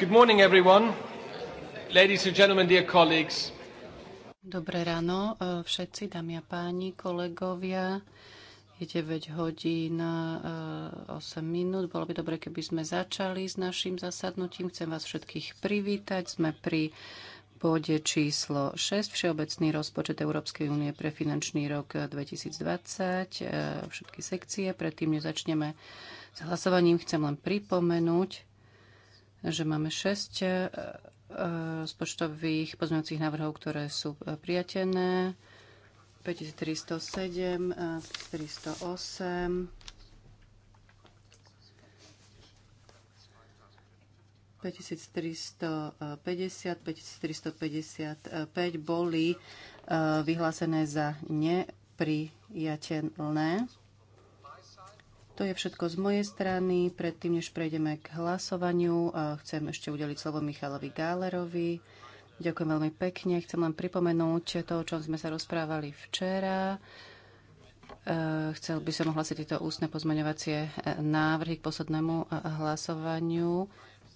Good morning, everyone. Ladies and gentlemen, dear colleagues. Dobré ráno e, všetci, dámy a páni, kolegovia. Je 9 hodín 8 minút. Bolo by dobre, keby sme začali s našim zasadnutím. Chcem vás všetkých privítať. Sme pri bode číslo 6, Všeobecný rozpočet Európskej únie pre finančný rok 2020, e, všetky sekcie. Predtým, nezačneme s hlasovaním, chcem len pripomenúť, že máme 6 rozpočtových e, e, pozmeňujúcich návrhov, ktoré sú e, prijatené. 5307, 408. 5350, 5355 boli vyhlásené za neprijateľné. To je všetko z mojej strany. Predtým, než prejdeme k hlasovaniu, eh, chcem ešte udeliť slovo Michalovi Gálerovi. Ďakujem veľmi pekne. Chcem len pripomenúť to, o čom sme sa rozprávali včera. Eh, chcel by som ohlasiť tieto ústne pozmeňovacie eh, návrhy k poslednému hlasovaniu.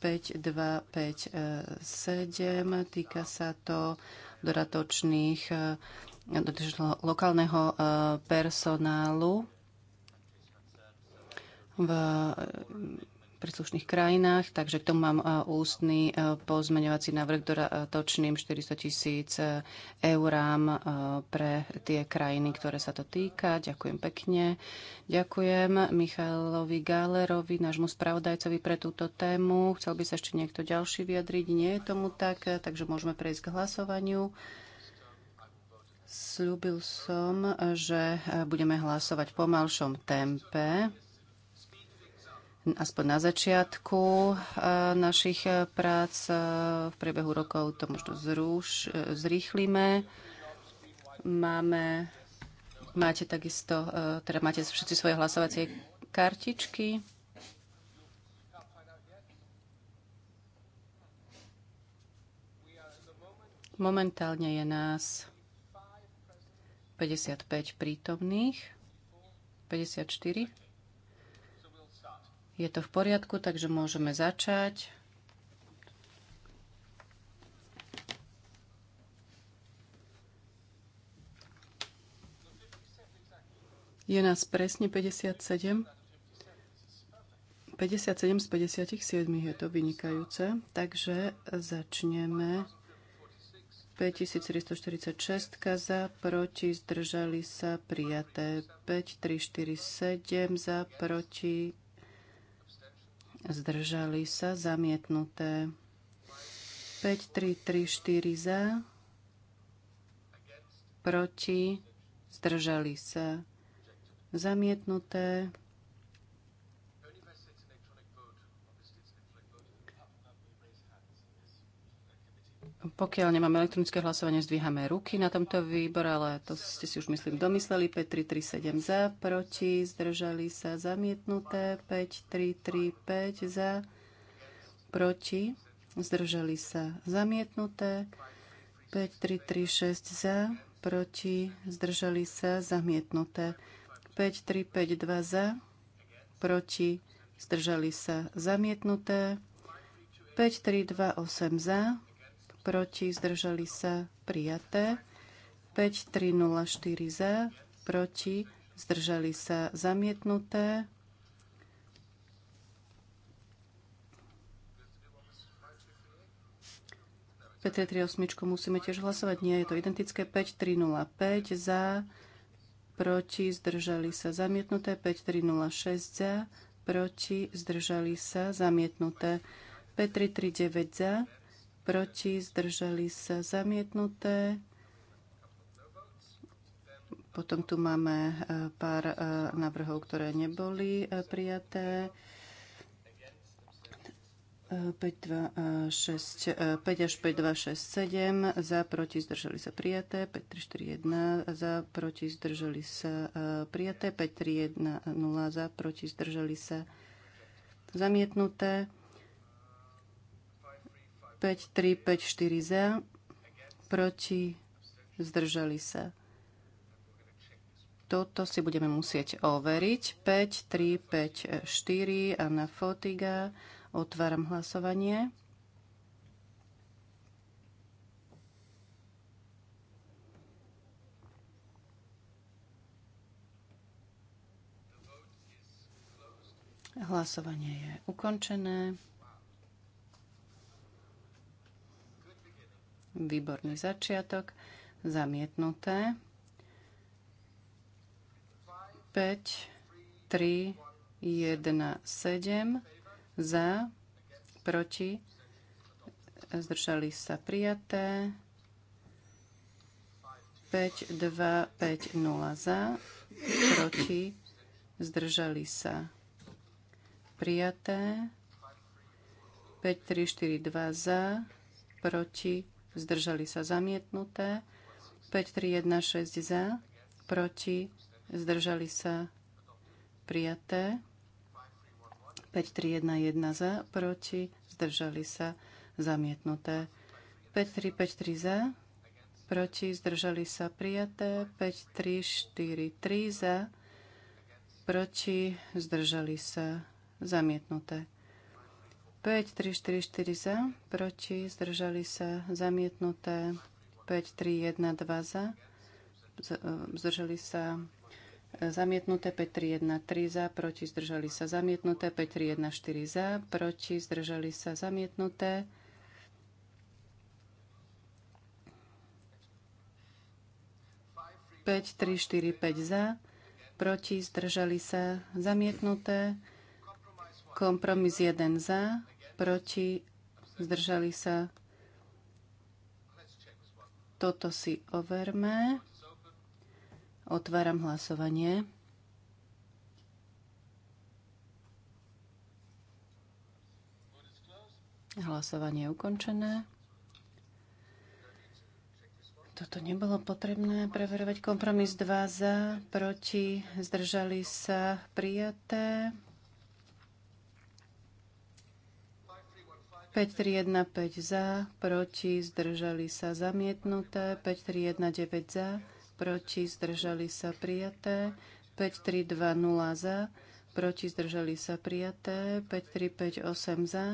5257. Týka sa to dodatočných lokálneho personálu v eh, príslušných krajinách, takže k tomu mám eh, ústny eh, pozmeňovací návrh točným 400 tisíc eurám pre tie krajiny, ktoré sa to týka. Ďakujem pekne. Ďakujem Michalovi Galerovi, nášmu spravodajcovi pre túto tému. Chcel by sa ešte niekto ďalší vyjadriť? Nie je tomu tak, takže môžeme prejsť k hlasovaniu. Sľúbil som, že budeme hlasovať v pomalšom tempe aspoň na začiatku e, našich e, prác. E, v priebehu rokov to možno zruš, zrýchlime. Máme, máte takisto, teda máte všetci svoje hlasovacie kartičky. Momentálne je nás 55 prítomných, 54. Je to v poriadku, takže môžeme začať. Je nás presne 57. 57 z 57 je to vynikajúce, takže začneme 5346 za, proti, zdržali sa, prijaté 5347 za, proti, zdržali sa, zamietnuté. 5, 3, 3, 4 za, proti, zdržali sa, zamietnuté. Pokiaľ nemáme elektronické hlasovanie, zdvíhame ruky na tomto výbor, ale to ste si už myslím domysleli. 7 za, proti, zdržali sa zamietnuté. 5 za, proti, zdržali sa zamietnuté. 6 za, proti, zdržali sa zamietnuté. 2 za, proti, zdržali sa zamietnuté. 8 za, proti, zdržali sa prijaté. 5304 za, proti, zdržali sa zamietnuté. P338 musíme tiež hlasovať. Nie, je to identické. 5305 za, proti, zdržali sa zamietnuté. 5306 za, proti, zdržali sa zamietnuté. p za, proti, zdržali sa zamietnuté. Potom tu máme e, pár e, návrhov, ktoré neboli e, prijaté. 5, 2, 6, 5 až 5, 2, 6, 7, za, proti, zdržali sa prijaté, 5, 3, 4, 1, za, proti, zdržali sa prijaté, 5, 3, 1, 0, za, proti, zdržali sa zamietnuté. 5, 3, 5, 4 za, proti, zdržali sa. Toto si budeme musieť overiť. 5, 3, 5, 4, Anna Fotiga. Otváram hlasovanie. Hlasovanie je ukončené. Výborný začiatok. Zamietnuté. 5, 3, 1, 7. Za, proti, zdržali sa prijaté. 5, 2, 5, 0 za, proti, zdržali sa prijaté. 5, 3, 4, 2 za, proti, zdržali sa zamietnuté. 5316 za, proti, zdržali sa prijaté. 5311 za, proti, zdržali sa zamietnuté. 5353 za, proti, zdržali sa prijaté. 5343 za, proti, zdržali sa zamietnuté. 5, 3, 4, 4 za, proti, zdržali sa, zamietnuté. 5, 3, 1, 2 za, e, zdržali sa, e, zamietnuté. 5, 3, 1, 3 za, proti, zdržali sa, zamietnuté. 5, 3, 1, 4 za, proti, zdržali sa, zamietnuté. Päť, tri, štyri, päť za, proti, zdržali sa, zamietnuté. Kompromis 1 za, proti, zdržali sa. Toto si overme. Otváram hlasovanie. Hlasovanie je ukončené. Toto nebolo potrebné preverovať. Kompromis 2 za, proti, zdržali sa, prijaté. 5315 za, proti, zdržali sa zamietnuté. 5319 za, proti, zdržali sa prijaté. 5320 za, proti, zdržali sa prijaté. 5358 za,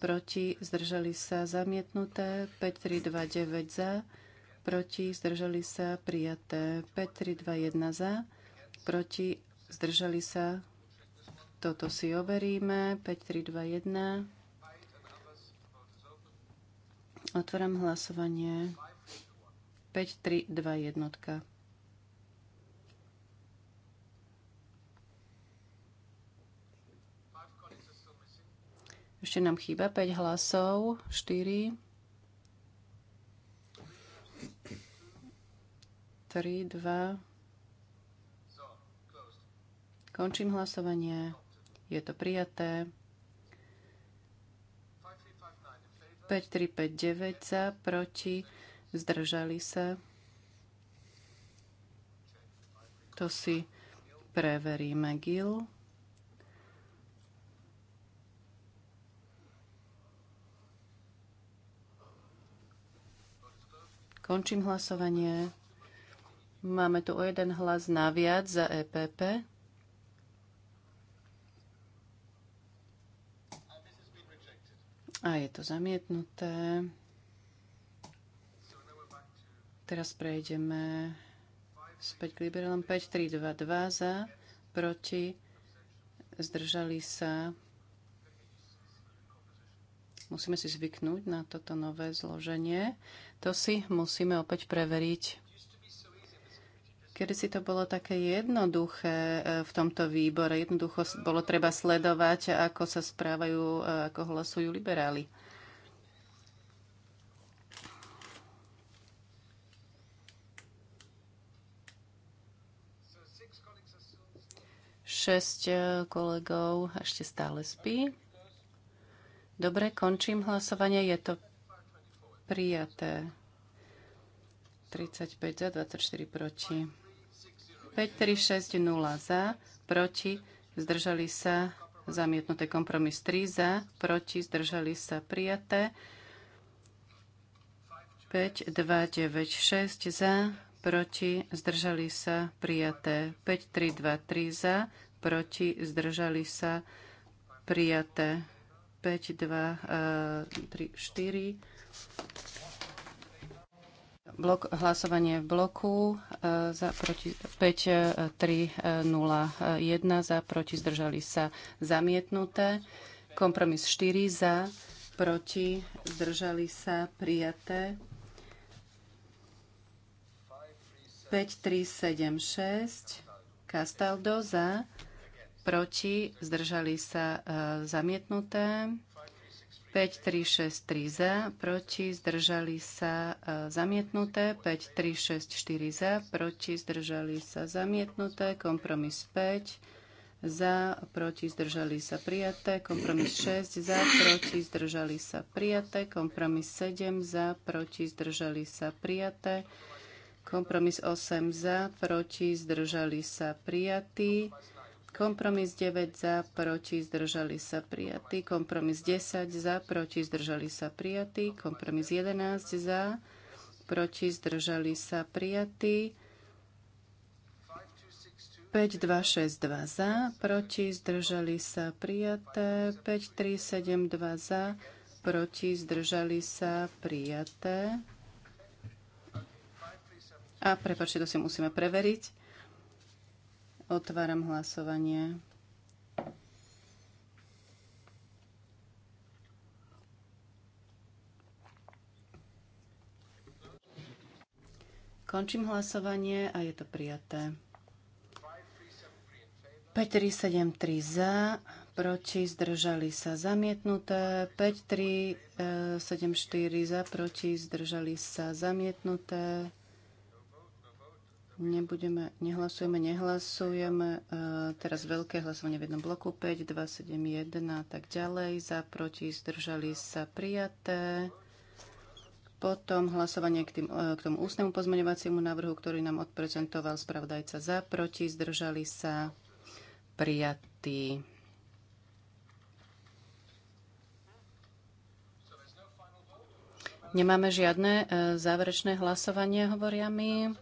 proti, zdržali sa zamietnuté. 5329 za, proti, zdržali sa prijaté. 5321 za, proti, zdržali sa. Toto si overíme. 5321. Otváram hlasovanie. 5, 3, 2, 1. Ešte nám chýba 5 hlasov, 4, 3, 2. Končím hlasovanie. Je to prijaté. 5359 za, proti, zdržali sa. To si preveríme, Gil. Končím hlasovanie. Máme tu o jeden hlas naviac za EPP. A je to zamietnuté. Teraz prejdeme späť k liberálom. 5, 3, 2, 2 za, proti, zdržali sa. Musíme si zvyknúť na toto nové zloženie. To si musíme opäť preveriť. Kedy si to bolo také jednoduché e, v tomto výbore, jednoducho bolo treba sledovať, ako sa správajú, e, ako hlasujú liberáli. Šesť e, kolegov ešte stále spí. Dobre, končím hlasovanie. Je to prijaté. 35 za, 24 proti. 5360 za, proti, zdržali sa zamietnuté kompromis 3 za, proti, zdržali sa prijaté. 5, 2, 9, 6 za, proti, zdržali sa prijaté. 5, 3, 2, 3 za, proti, zdržali sa prijaté. 5, 2, 3, 4 blok, hlasovanie v bloku e, za proti 5, 3, 0, 1 za proti zdržali sa zamietnuté. Kompromis 4 za proti zdržali sa prijaté. 5, 3, 7, 6 Castaldo za proti zdržali sa e, zamietnuté. 5, 3, 6, 3 za, proti, zdržali sa e, zamietnuté, 5, 3, 6, 4 za, proti, zdržali sa zamietnuté, kompromis 5, za, proti, zdržali sa prijaté, kompromis 6, za, proti, zdržali sa prijaté, kompromis 7, za, proti, zdržali sa prijaté, kompromis 8, za, proti, zdržali sa prijatí, Kompromis 9 za, proti, zdržali sa prijatí. Kompromis 10 za, proti, zdržali sa prijatí. Kompromis 11 za, proti, zdržali sa prijatí. 2 za, proti, zdržali sa prijaté. 2 za, proti, zdržali sa prijaté. A prepačte, to si musíme preveriť. Otváram hlasovanie. Končím hlasovanie a je to prijaté. 5373 za, proti, zdržali sa zamietnuté. 5374 e, za, proti, zdržali sa zamietnuté. Nebudeme, nehlasujeme, nehlasujeme. E, teraz veľké hlasovanie v jednom bloku 5, 2, 7, 1 a tak ďalej. Za, proti, zdržali sa prijaté. Potom hlasovanie k, tým, e, k tomu ústnemu pozmeňovaciemu návrhu, ktorý nám odprezentoval spravodajca za, proti, zdržali sa prijatý. Nemáme žiadne e, záverečné hlasovanie, hovoria mi.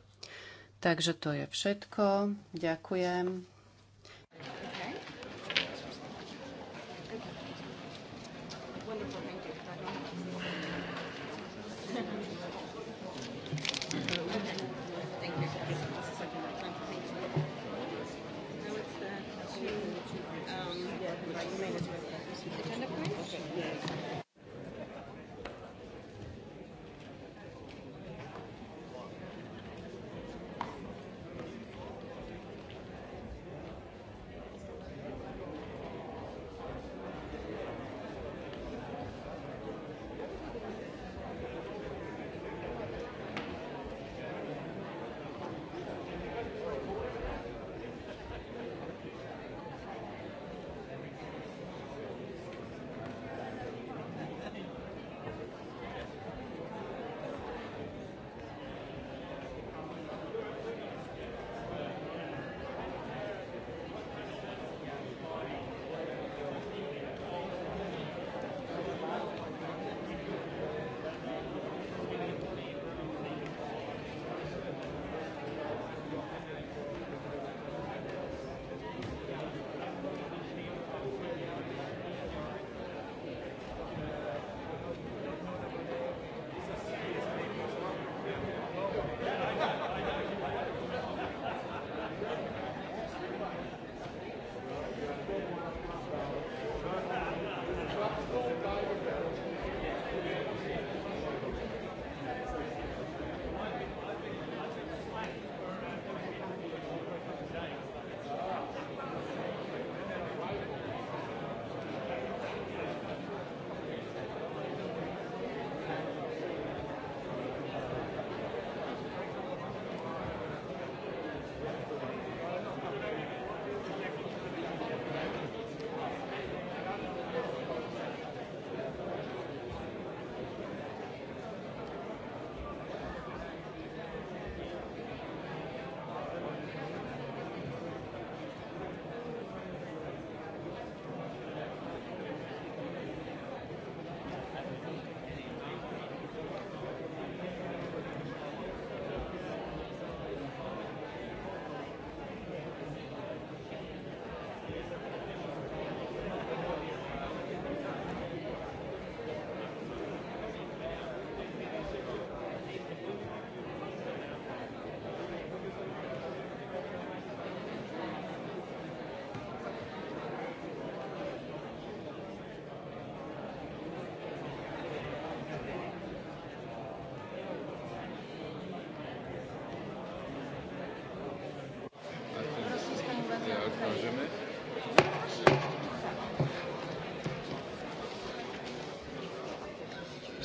Takže to je všetko. Ďakujem.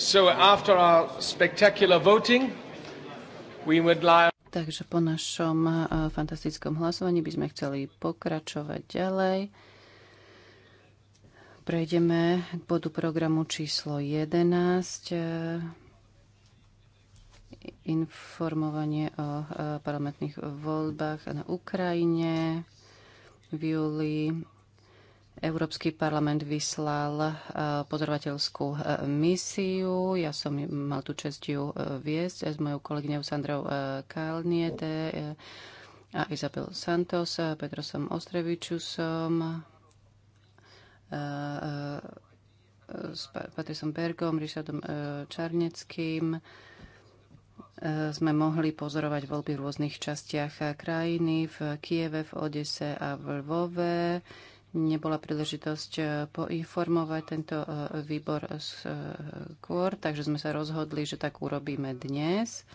So after our spectacular voting, we would like... Takže po našom eh, fantastickom hlasovaní by sme chceli pokračovať ďalej. Prejdeme k bodu programu číslo 11. Eh, informovanie o eh, parlamentných voľbách na Ukrajine v júli Európsky parlament vyslal e, pozorovateľskú e, misiu. Ja som mal tú čest ju e, viesť s mojou kolegyňou Sandrou Kalniete a Izabel Santos, Petrosom Ostrevičusom, s Patrisom Bergom, Richardom Čarneckým. Sme mohli pozorovať voľby v rôznych častiach krajiny, v Kieve, v Odese a v Lvove nebola príležitosť eh, poinformovať tento eh, výbor skôr, takže sme sa rozhodli, že tak urobíme dnes.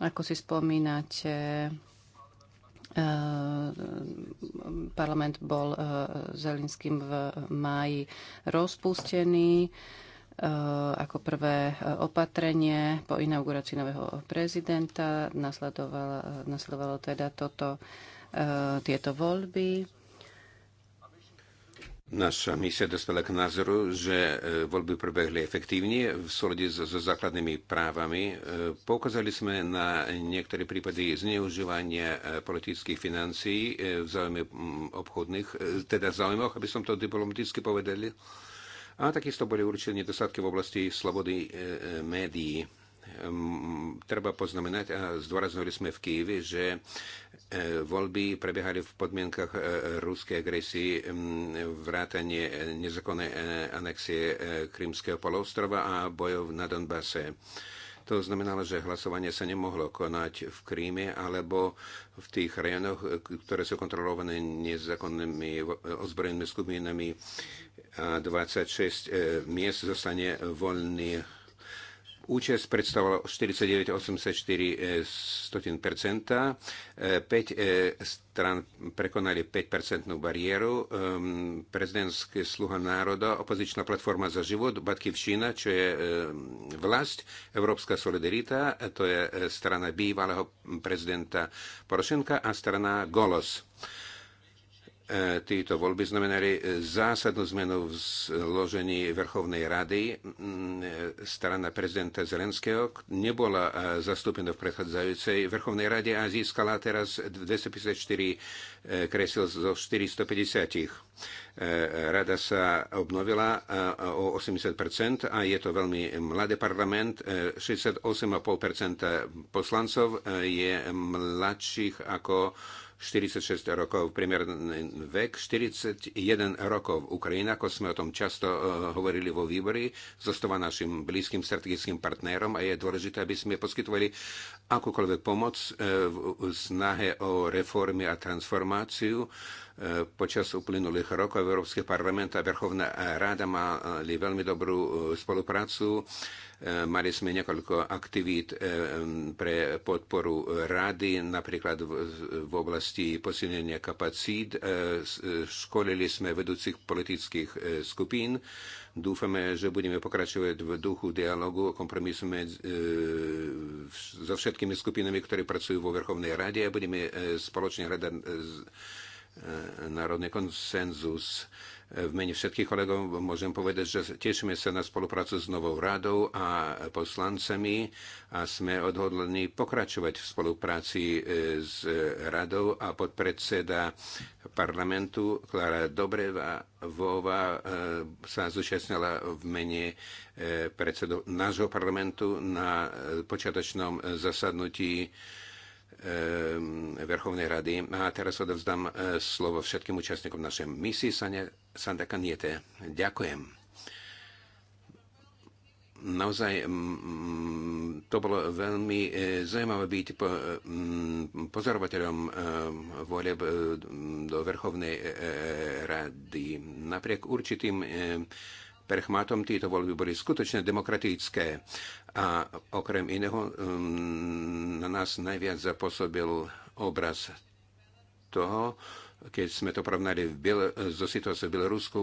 Ako si spomínate, eh, parlament bol Zelinským v máji rozpustený ako prvé opatrenie po inaugurácii nového prezidenta. Nasledovalo, nasledovalo teda toto, tieto voľby. Naša misia dospela k názoru, že e, voľby prebehli efektívne v súlade so, so základnými právami. E, poukázali sme na niektoré prípady zneužívania e, politických financií v záujme obchodných, teda záujmoch, aby som to diplomaticky povedali. A takisto boli určite nedostatky v oblasti slobody médií treba poznamenať, a zdôraznili sme v Kieve, že e, voľby prebiehali v podmienkach e, ruskej agresie, vrátanie e, nezakonnej anexie Krymského poloostrova a bojov na Donbase. To znamenalo, že hlasovanie sa nemohlo konať v Kríme alebo v tých rejonoch, ktoré sú kontrolované nezákonnými ozbrojenými skupinami a 26 miest zostane voľných Účasť predstavovala 49,84%, 5 e, e, e, stran prekonali 5% percentnú bariéru, prezidentské sluha národa, opozičná platforma za život, Batkivšina, čo je vlast, Európska solidarita, to je strana bývalého prezidenta Porošenka a strana Golos. E, tieto voľby znamenali e, zásadnú zmenu v zložení Vrchovnej rady. Mm, e, strana prezidenta Zelenského nebola zastúpená v predchádzajúcej Vrchovnej rade a získala teraz 254 kresiel zo 450. Rada sa obnovila o 80 a je to veľmi mladý parlament. 68,5 poslancov je mladších ako 46 rokov, priemerný vek 41 rokov. Ukrajina, ako sme o tom často eh, hovorili vo výbore, zostáva našim blízkym strategickým partnerom a je dôležité, aby sme poskytovali akúkoľvek pomoc eh, v snahe o reformy a transformáciu E, počas uplynulých rokov Európsky parlament a Verchovná rada mali veľmi dobrú e, spoluprácu. E, mali sme niekoľko aktivít pre podporu rady, napríklad v oblasti posilnenia kapacít. Školili sme vedúcich politických skupín. Dúfame, že budeme pokračovať v duchu dialogu a kompromisu so všetkými skupinami, ktoré pracujú vo Verchovnej rade a budeme spoločne hľadať E, národný konsenzus. E, v mene všetkých kolegov môžem povedať, že tešíme sa na spoluprácu s Novou radou a poslancami a sme odhodlení pokračovať v spolupráci e, s radou a podpredseda parlamentu Klara Dobrevová sa zúčastnila v mene predsedu nášho parlamentu na počiatočnom zasadnutí Ehm, Verchovnej rady. A teraz odovzdám e, slovo všetkým účastníkom našej misie. Sanda Kaniete, ďakujem. Naozaj to bolo veľmi e, zaujímavé byť pozorovateľom e, voleb do Verchovnej rady. Napriek určitým prechmatom tieto voľby boli skutočne demokratické. A okrem iného um, na nás najviac zapôsobil obraz toho, keď sme to porovnali v Biel- so situáciou v Bielorusku,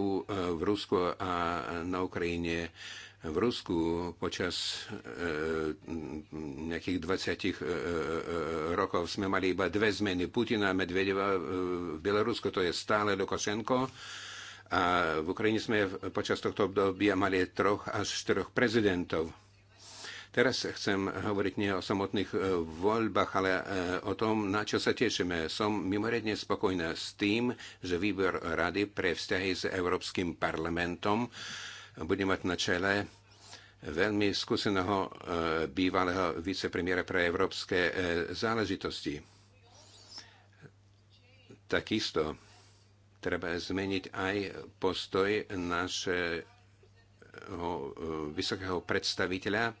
v Rusku a na Ukrajine. V Rusku počas e, nejakých 20 e, eh, eh, rokov sme mali iba dve zmeny Putina a Medvedeva. V Bielorusku to je stále Lukašenko. A v Ukrajine sme počas tohto obdobia mali troch až štyroch prezidentov Teraz chcem hovoriť nie o samotných e, voľbách, ale e, o tom, na čo sa tešíme. Som mimoriadne spokojná s tým, že výbor Rady pre vzťahy s Európskym parlamentom bude mať na čele veľmi skúseného e, bývalého vicepremiera pre európske záležitosti. Takisto treba zmeniť aj postoj našeho vysokého predstaviteľa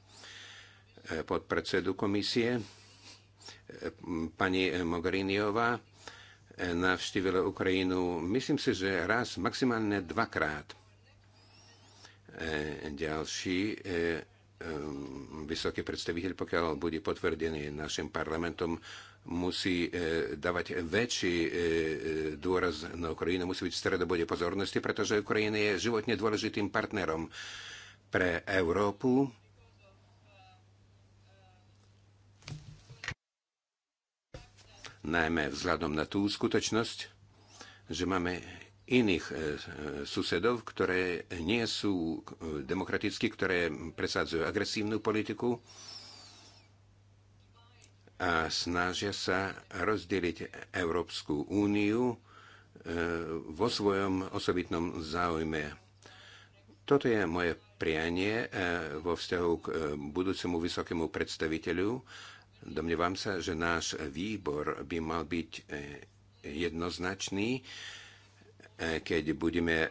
podpredsedu komisie, pani Mogheriniová, navštívila Ukrajinu, myslím si, že raz, maximálne dvakrát. E, ďalší e, vysoký predstaviteľ, pokiaľ bude potvrdený našim parlamentom, musí e, dávať väčší dôraz na Ukrajinu, musí byť v stredobode pozornosti, pretože Ukrajina je životne dôležitým partnerom pre Európu, najmä vzhľadom na tú skutočnosť, že máme iných e, susedov, ktoré nie sú e, demokratickí, ktoré presadzujú agresívnu politiku a snažia sa rozdeliť Európsku úniu e, vo svojom osobitnom záujme. Toto je moje prianie vo vzťahu k budúcemu vysokému predstaviteľu Domnievam sa, že náš výbor by mal byť e, jednoznačný, e, keď budeme e,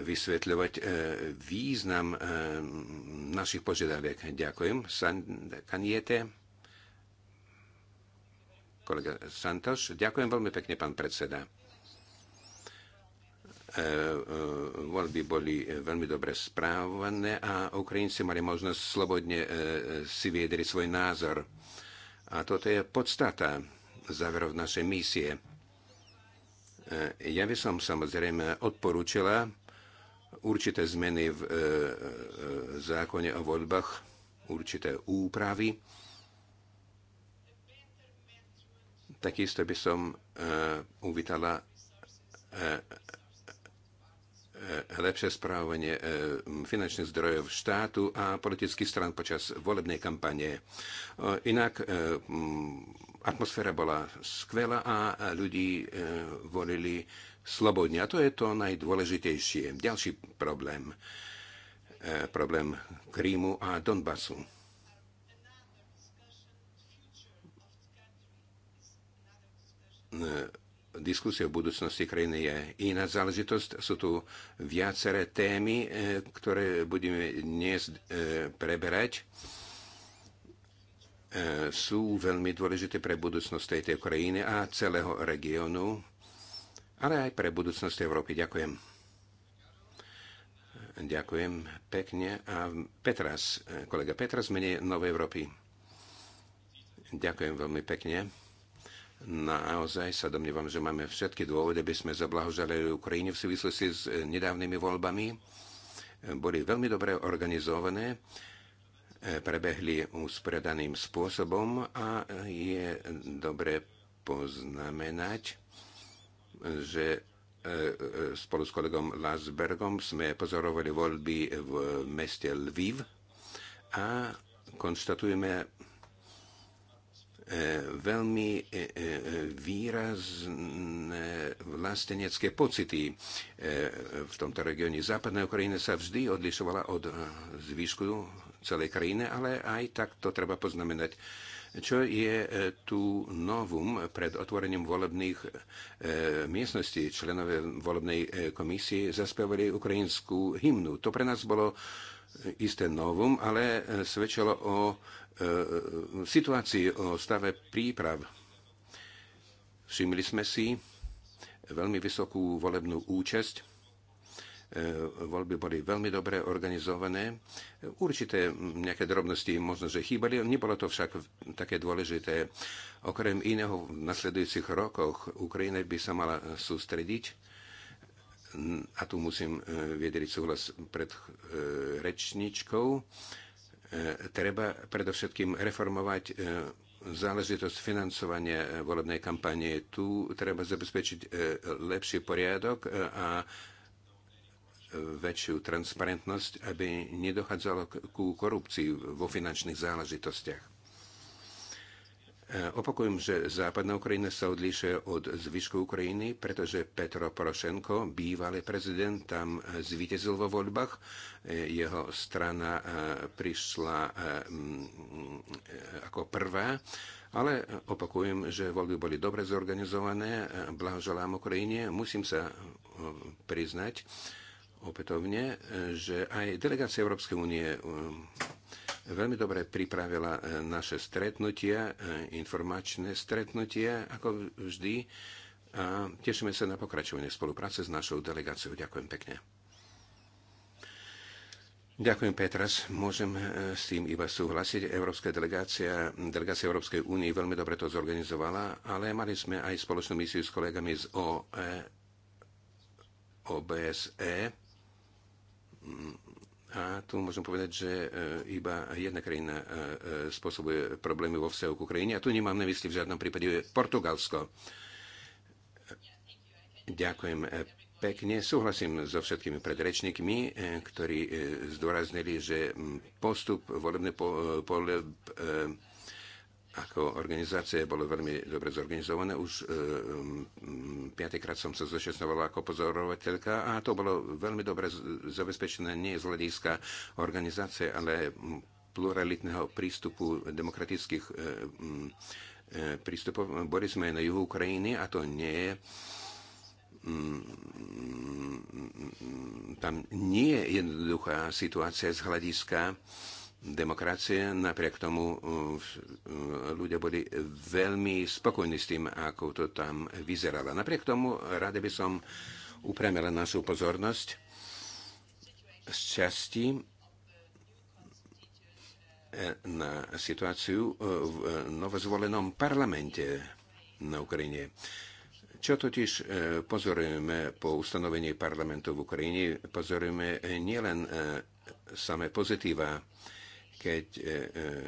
vysvetľovať význam našich požiadaviek. Ďakujem. Kaniete? Kolega Santoš, ďakujem veľmi pekne, pán predseda. Voľby boli veľmi dobre správované a Ukrajinci mali možnosť slobodne si viedriť svoj názor a toto je podstata záverov našej misie. E, ja by som samozrejme odporúčila určité zmeny v e, e, zákone o voľbách, určité úpravy. Takisto by som uvítala E, lepšie správanie e, finančných zdrojov štátu a politických stran počas volebnej kampane. E, inak atmosféra bola skvelá a ľudí volili slobodne. A to je to najdôležitejšie. Ďalší problém. Problém Krímu a Donbasu. Ne diskusie o budúcnosti krajiny je iná záležitosť. Sú tu viaceré témy, e, ktoré budeme dnes e, preberať. E, sú veľmi dôležité pre budúcnosť tejto krajiny a celého regiónu, ale aj pre budúcnosť Európy. Ďakujem. Ďakujem pekne. A Petras, kolega Petras, menej Novej Európy. Ďakujem veľmi pekne. Naozaj sa domnievam, že máme všetky dôvody, aby sme zablahožali Ukrajine v súvislosti s eh, nedávnymi voľbami. Eh, boli veľmi dobre organizované, eh, prebehli uspredaným spôsobom a je dobre poznamenať, že spolu s kolegom Lasbergom sme pozorovali voľby v meste Lviv a konštatujeme E, veľmi e, e, výrazné vlastenecké pocity v tomto regióne. západnej Ukrajiny sa vždy odlišovala od zvyšku celej krajiny, ale aj tak to treba poznamenať. Čo je tu novum pred otvorením volebných miestností? Členové volebnej komisie zaspevali ukrajinskú hymnu. To pre nás bolo isté novum, ale svedčilo o E, e, situácii, o stave príprav. Všimli sme si veľmi vysokú volebnú účasť. E, voľby boli veľmi dobre organizované. Určité nejaké drobnosti možno, že chýbali, nebolo to však také dôležité. Okrem iného, v nasledujúcich rokoch Ukrajina by sa mala sústrediť a tu musím vyjadriť súhlas pred rečničkou, E, treba predovšetkým reformovať e, záležitosť financovania e, volebnej kampanie. Tu treba zabezpečiť lepší poriadok a väčšiu transparentnosť, aby nedochádzalo ku korupcii vo finančných záležitostiach. E, opakujem, že západná Ukrajina sa odlišuje od zvyšku Ukrajiny, pretože Petro Porošenko, bývalý prezident, tam zvítezil vo voľbách. E, jeho strana e, prišla ako prvá. Ale opakujem, že voľby boli dobre zorganizované. Blahoželám Ukrajine. Musím sa priznať opätovne, že aj delegácia Európskej únie veľmi dobre pripravila e, naše stretnutia, e, informačné stretnutia, ako vždy. A tešíme sa na pokračovanie spolupráce s našou delegáciou. Ďakujem pekne. Ďakujem, Petras. Môžem e, s tým iba súhlasiť. Európska delegácia, delegácia Európskej únie veľmi dobre to zorganizovala, ale mali sme aj spoločnú misiu s kolegami z OE, OBSE, mm, a tu môžem povedať, že e, iba jedna krajina e, e, spôsobuje problémy vo vzťahu k Ukrajine. A tu nemám na mysli v žiadnom prípade Portugalsko. Ďakujem pekne. Súhlasím so všetkými predrečníkmi, ktorí zdôraznili, že postup po, po, po, ako organizácia bolo veľmi dobre zorganizované. Už e, piatýkrát som sa zúčastňovala ako pozorovateľka a to bolo veľmi dobre zabezpečené nie z hľadiska organizácie, ale pluralitného prístupu demokratických e, e, prístupov. Boli sme na juhu Ukrajiny a to nie je tam nie je jednoduchá situácia z hľadiska e, demokracie. Napriek tomu uh, uh, ľudia boli veľmi spokojní s tým, ako to tam vyzeralo. Napriek tomu rade by som upremila našu pozornosť z časti uh, na situáciu v novozvolenom parlamente na Ukrajine. Čo totiž pozorujeme po ustanovení parlamentu v Ukrajine? Pozorujeme nielen samé pozitíva, keď e, e,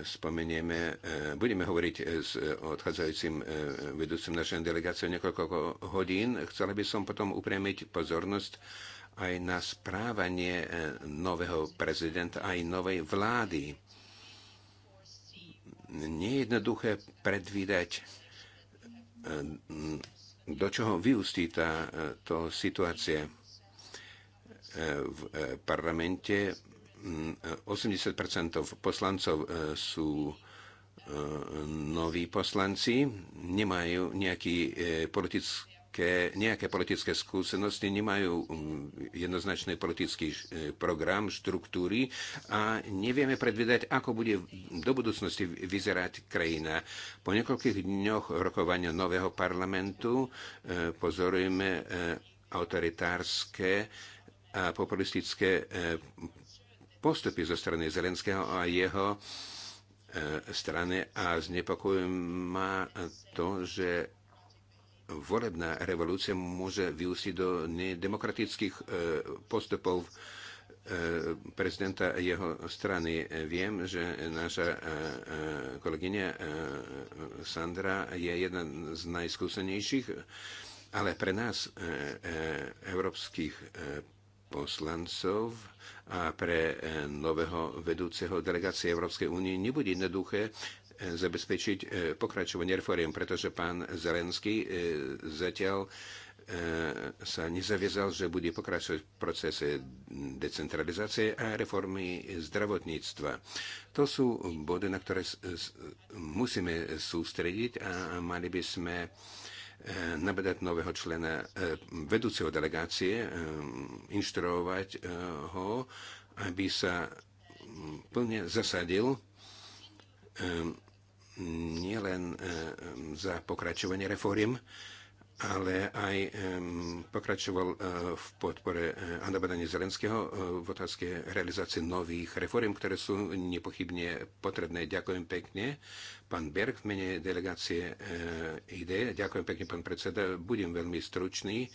spomenieme, e, budeme hovoriť s odchádzajúcim vedúcim našej delegácie niekoľko hodín. Chcela by som potom upriamiť pozornosť aj na správanie nového prezidenta, aj novej vlády. Nie je jednoduché predvídať, do čoho vyústí táto situácia v parlamente 80 poslancov e, sú e, noví poslanci, nemajú nejaký e, politický nejaké politické skúsenosti, nemajú jednoznačný politický program, štruktúry a nevieme predvídať, ako bude do budúcnosti vyzerať krajina. Po niekoľkých dňoch rokovania nového parlamentu pozorujeme autoritárske a populistické postupy zo strany Zelenského a jeho e, strany a znepokojí ma to, že volebná revolúcia môže vyústiť do nedemokratických e, postupov e, prezidenta jeho strany. Viem, že naša kolegyňa Sandra je jedna z najskúsenejších, ale pre nás, európskych poslancov a pre e, nového vedúceho delegácie Európskej únie nebude jednoduché e, zabezpečiť e, pokračovanie reforiem, pretože pán Zelenský zatiaľ sa nezaviazal, že bude pokračovať v procese decentralizácie a reformy zdravotníctva. To sú body, na ktoré musíme sústrediť a mali by sme Eh, nabedať nového člena eh, vedúceho delegácie, eh, inštruovať ho, aby sa mm, plne zasadil nielen za pokračovanie reforiem, ale aj um, pokračoval uh, v podpore uh, eh, Andabadani Zelenského uh, v otázke realizácie nových reform, ktoré sú nepochybne potrebné. Ďakujem pekne. Pán Berg v mene delegácie uh, ID. Ďakujem pekne, pán predseda. Budem veľmi stručný.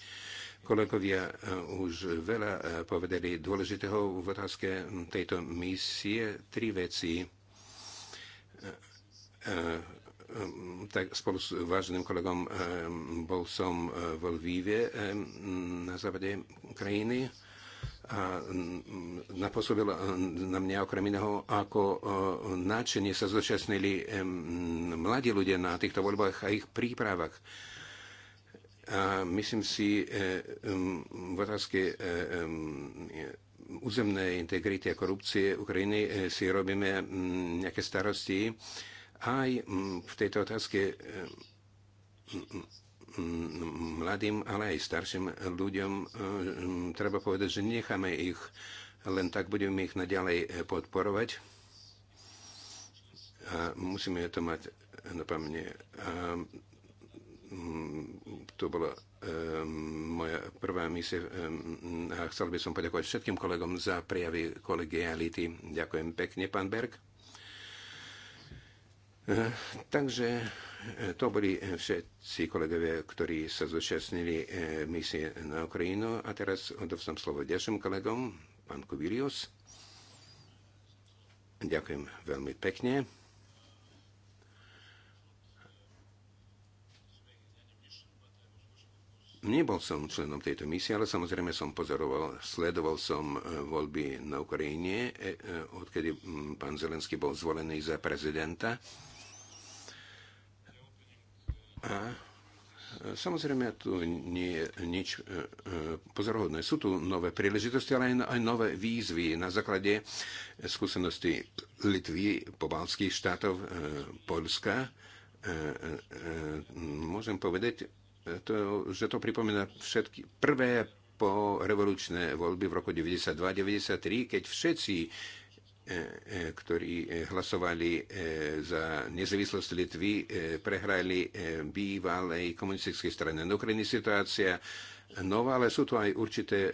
Kolegovia uh, už veľa uh, povedali dôležitého v otázke tejto misie. Tri veci Uh, uh, Ehm, tak spolu s váženým kolegom ehm, bol som e, v Lvíve ehm, na západe krajiny a mm, napôsobil e, na mňa okrem iného, ako e, náčenie sa zúčastnili mladí ľudia na týchto voľbách a ich prípravách. A myslím si, v otázke územnej integrity a korupcie Ukrajiny si robíme mm, nejaké starosti aj mm, v tejto otázke eh, mm, mm, mladým, ale aj starším ľuďom eh, treba povedať, že necháme ich len tak budeme ich naďalej eh, podporovať. A musíme to mať na pamäti. To bola moja prvá misia a chcel by som poďakovať všetkým kolegom za prejavy kolegiality. Ďakujem pekne, pán Berg. Takže e, to boli e, všetci kolegovia, ktorí sa zúčastnili e, misie na Ukrajinu. A teraz odovzdám slovo ďalším kolegom, pán Kubilius. Ďakujem veľmi pekne. Nebol som členom tejto misie, ale samozrejme som pozoroval, sledoval som voľby na Ukrajine, odkedy pán Zelenský bol zvolený za prezidenta. A e, Samozrejme, tu nie je nič e, e, pozorhodné. Sú tu nové príležitosti, ale aj nové výzvy na základe skúsenosti Litvy, pobalských štátov, Polska. Môžem povedať, to, že to pripomína všetky prvé po revolučné voľby v roku 92-93, keď všetci E, e, ktorí e, hlasovali za nezávislosť Litvy, prehrali bývalej komunistickej strane. Na Ukrajine situácia nová, ale sú tu aj určité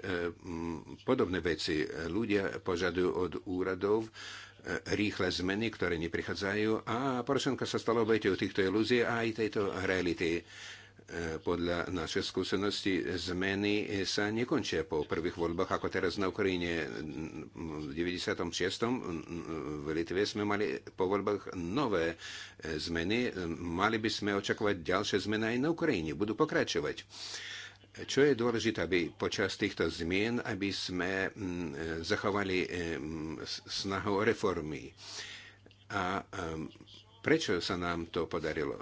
podobné veci. Ľudia požadujú od úradov rýchle zmeny, ktoré neprichádzajú a Porošenko sa stalo obeťou týchto ilúzií a aj tejto reality podľa našej skúsenosti zmeny sa nekončia po prvých voľbách, ako teraz na Ukrajine v 96. v Litve sme mali po voľbách nové e, zmeny. Mali by sme očakovať ďalšie zmeny aj na Ukrajine. Budú pokračovať. Čo je dôležité, aby počas týchto zmien, aby sme zachovali e, snahu reformy. A e, prečo sa nám to podarilo?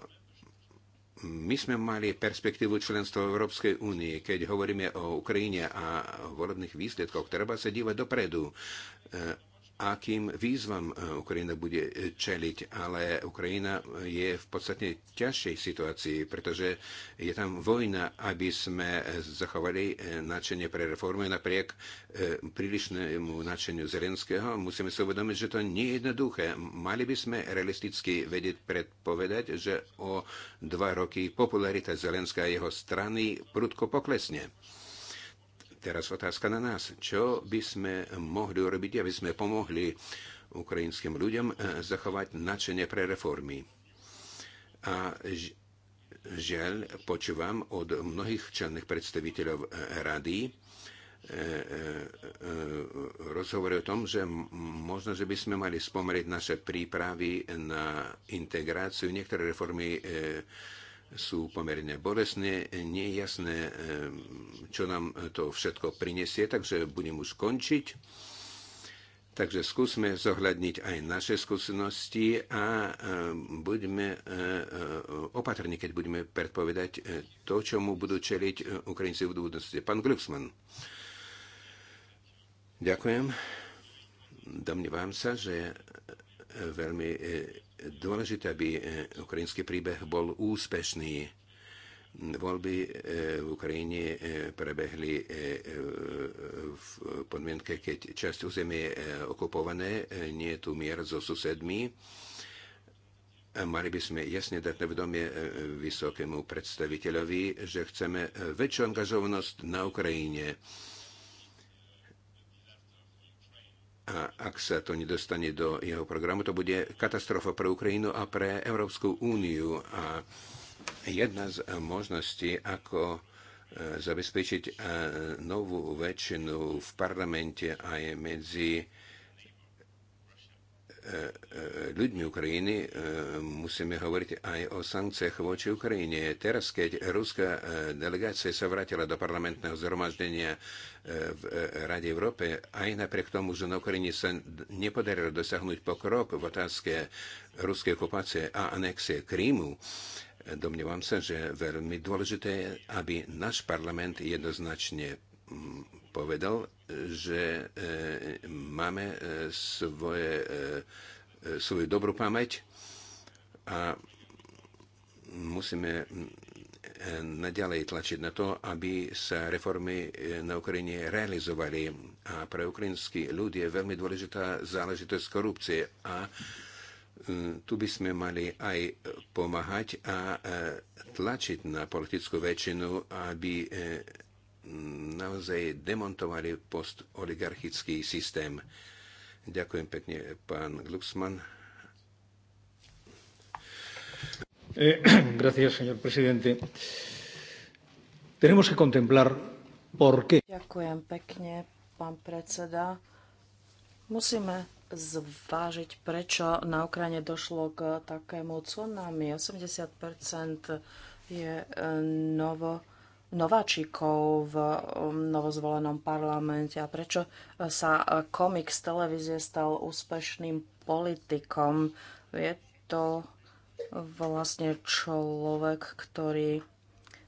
my sme mali perspektívu členstva Európskej únie. Keď hovoríme o Ukrajine a o volebných výsledkoch, treba sa dívať dopredu. E, akým výzvam e, Ukrajina bude e, čeliť, ale Ukrajina e, je v podstate ťažšej situácii, pretože je tam vojna, aby sme zachovali nadšenie pre reformy napriek prílišnému nadšeniu Zelenského. Musíme si uvedomiť, že to nie je jednoduché. Mali by sme realisticky vedieť predpovedať, že o dva roky popularita Zelenska a jeho strany prudko poklesne. Teraz otázka na nás. Čo by sme mohli urobiť, aby sme pomohli ukrajinským ľuďom eh, zachovať nadšenie pre reformy? A žiaľ, počúvam od mnohých čelných predstaviteľov eh, rady, eh, rozhovory o tom, že možno, že by sme mali spomeriť naše prípravy na integráciu. Niektoré reformy sú pomerne bolesné, nie je jasné, čo nám to všetko prinesie, takže budem už končiť. Takže skúsme zohľadniť aj naše skúsenosti a buďme e, e, opatrní, keď budeme predpovedať e, to, čomu budú čeliť Ukrajinci v budúcnosti. Pán Glucksmann. Ďakujem. Domnívam sa, že veľmi dôležité, aby e, ukrajinský príbeh bol úspešný. Voľby e, v Ukrajine e, prebehli v podmienke, keď časť územie je okupované, nie je tu mier so susedmi. Mali by sme jasne dať na vedomie vysokému predstaviteľovi, že chceme väčšiu angažovanosť na Ukrajine a ak sa to nedostane do jeho programu, to bude katastrofa pre Ukrajinu a pre Európsku úniu. A jedna z možností, ako e, zabezpečiť e, novú väčšinu v parlamente aj medzi ľuďmi Ukrajiny e, musíme hovoriť aj o sankciách voči Ukrajine. Teraz, keď ruská e, delegácia sa vrátila do parlamentného zhromaždenia e, v Rade Európe, aj napriek tomu, že na Ukrajine sa nepodarilo dosiahnuť pokrok v otázke ruskej okupácie a anexie Krímu, domnievam sa, že veľmi dôležité je, aby náš parlament jednoznačne povedal, že e, máme e, svoje, e, svoju dobrú pamäť a musíme nadalej tlačiť na to, aby sa reformy na Ukrajine realizovali. A pre ukrajinský ľud je veľmi dôležitá záležitosť korupcie. A tu by sme mali aj pomáhať a tlačiť na politickú väčšinu, aby naozaj demontovali postoligarchický systém. Ďakujem pekne, pán Glucksmann. Eh, gracias, señor presidente. Tenemos que contemplar por qué. Ďakujem pekne, pán predseda. Musíme zvážiť, prečo na Ukrajine došlo k takému tsunami. 80 je eh, novo nováčikov v um, novozvolenom parlamente a prečo sa uh, komik z televízie stal úspešným politikom. Je to vlastne človek, ktorý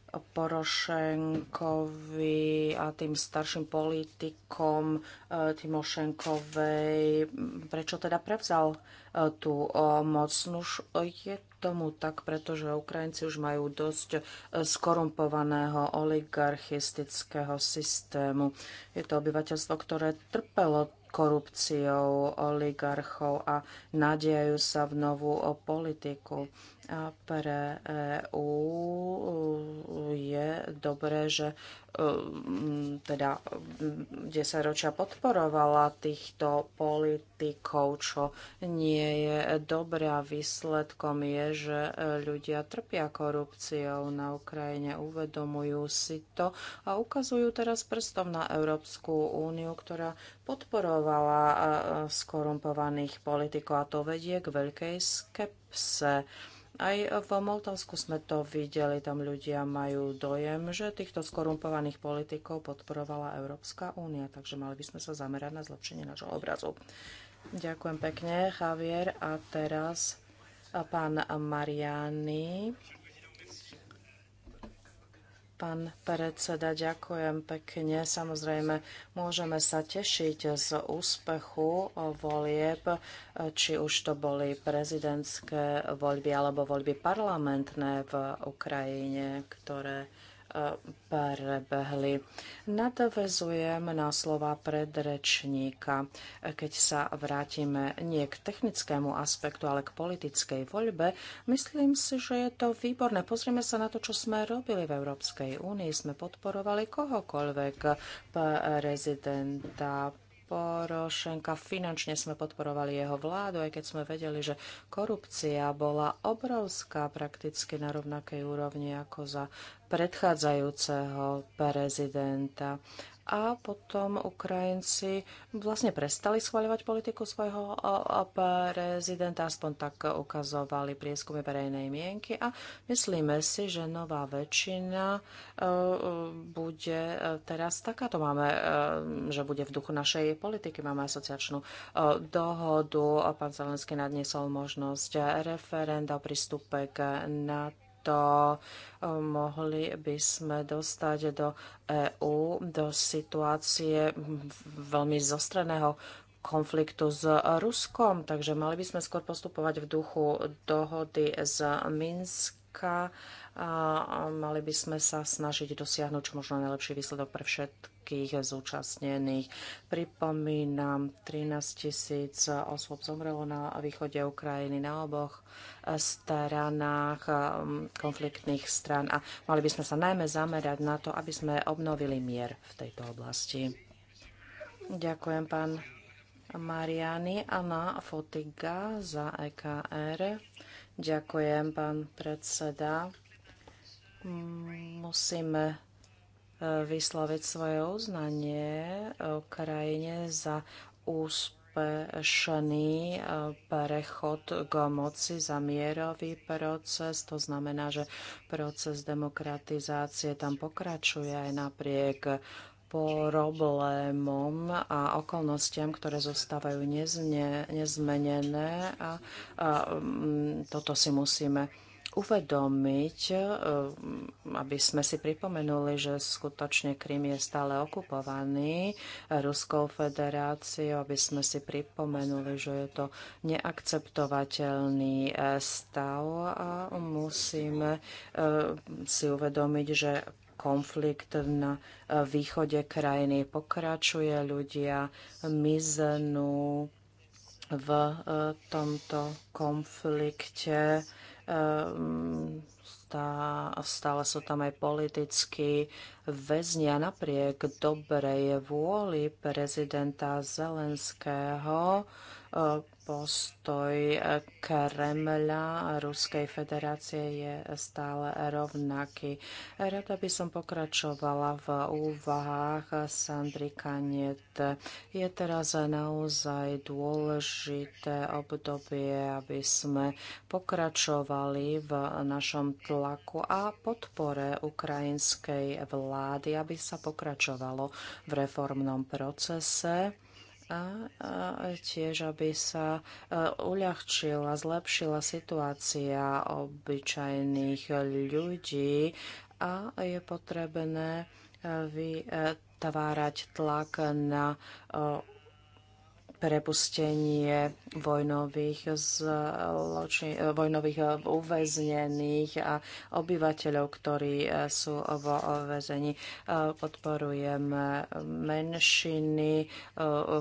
Porošenkovi a tým starším politikom uh, Timošenkovej, prečo teda prevzal uh, tú moc? Nuž je tomu tak, pretože Ukrajinci už majú dosť e, skorumpovaného oligarchistického systému. Je to obyvateľstvo, ktoré trpelo korupciou oligarchov a nádejajú sa v novú politiku pre EU e, je dobré, že e, teda 10 ročia podporovala týchto politikov, čo nie je dobré a výsledkom je, že e, ľudia trpia korupciou na Ukrajine, uvedomujú si to a ukazujú teraz prstom na Európsku úniu, ktorá podporovala skorumpovaných politikov a to vedie k veľkej skepse. Aj v Moldavsku sme to videli, tam ľudia majú dojem, že týchto skorumpovaných politikov podporovala Európska únia, takže mali by sme sa zamerať na zlepšenie nášho obrazu. Ďakujem pekne, Javier. A teraz pán Mariani Pán predseda, ďakujem pekne. Samozrejme, môžeme sa tešiť z úspechu volieb, či už to boli prezidentské voľby alebo voľby parlamentné v Ukrajine, ktoré prebehli. Nadvezujem na slova predrečníka. Keď sa vrátime nie k technickému aspektu, ale k politickej voľbe, myslím si, že je to výborné. Pozrieme sa na to, čo sme robili v Európskej únii. Sme podporovali kohokoľvek prezidenta, Porošenka. Finančne sme podporovali jeho vládu, aj keď sme vedeli, že korupcia bola obrovská, prakticky na rovnakej úrovni ako za predchádzajúceho prezidenta a potom Ukrajinci vlastne prestali schváľovať politiku svojho prezidenta, aspoň tak ukazovali prieskumy verejnej mienky a myslíme si, že nová väčšina e, e, bude e, teraz takáto máme, že bude v duchu našej politiky. Máme asociačnú dohodu, pán Zelenský nadniesol možnosť referenda o prístupe k NATO to eh, mohli by sme dostať do EÚ, do situácie veľmi zostreného konfliktu s Ruskom, takže mali by sme skôr postupovať v duchu dohody z Minska a mali by sme sa snažiť dosiahnuť čo možno najlepší výsledok pre všetky všetkých zúčastnených. Pripomínam, 13 tisíc osôb zomrelo na východe Ukrajiny na oboch stranách um, konfliktných stran a mali by sme sa najmä zamerať na to, aby sme obnovili mier v tejto oblasti. Ďakujem pán Mariani a na Fotiga za EKR. Ďakujem, pán predseda. Musíme vysloviť svoje uznanie Ukrajine e, za úspešný e, prechod k moci, za mierový proces. To znamená, že proces demokratizácie tam pokračuje aj napriek problémom a okolnostiam, ktoré zostávajú nezmenené a, a mm, toto si musíme uvedomiť, e, aby sme si pripomenuli, že skutočne Krym je stále okupovaný Ruskou federáciou, aby sme si pripomenuli, že je to neakceptovateľný e, stav a musíme e, si uvedomiť, že konflikt na východe krajiny pokračuje, ľudia miznú v tomto konflikte Ehm, stále sú tam aj politickí väznia napriek dobrej vôli prezidenta Zelenského ehm, postoj Kremľa a Ruskej federácie je stále rovnaký. Rada by som pokračovala v úvahách Sandry Kaniet. Je teraz naozaj dôležité obdobie, aby sme pokračovali v našom tlaku a podpore ukrajinskej vlády, aby sa pokračovalo v reformnom procese a tiež, aby sa e, uľahčila, zlepšila situácia obyčajných ľudí a je potrebné e, vytvárať tlak na prepustenie vojnových, zloči- vojnových uväznených a obyvateľov, ktorí e, sú vo väzení. E, Podporujeme menšiny, e,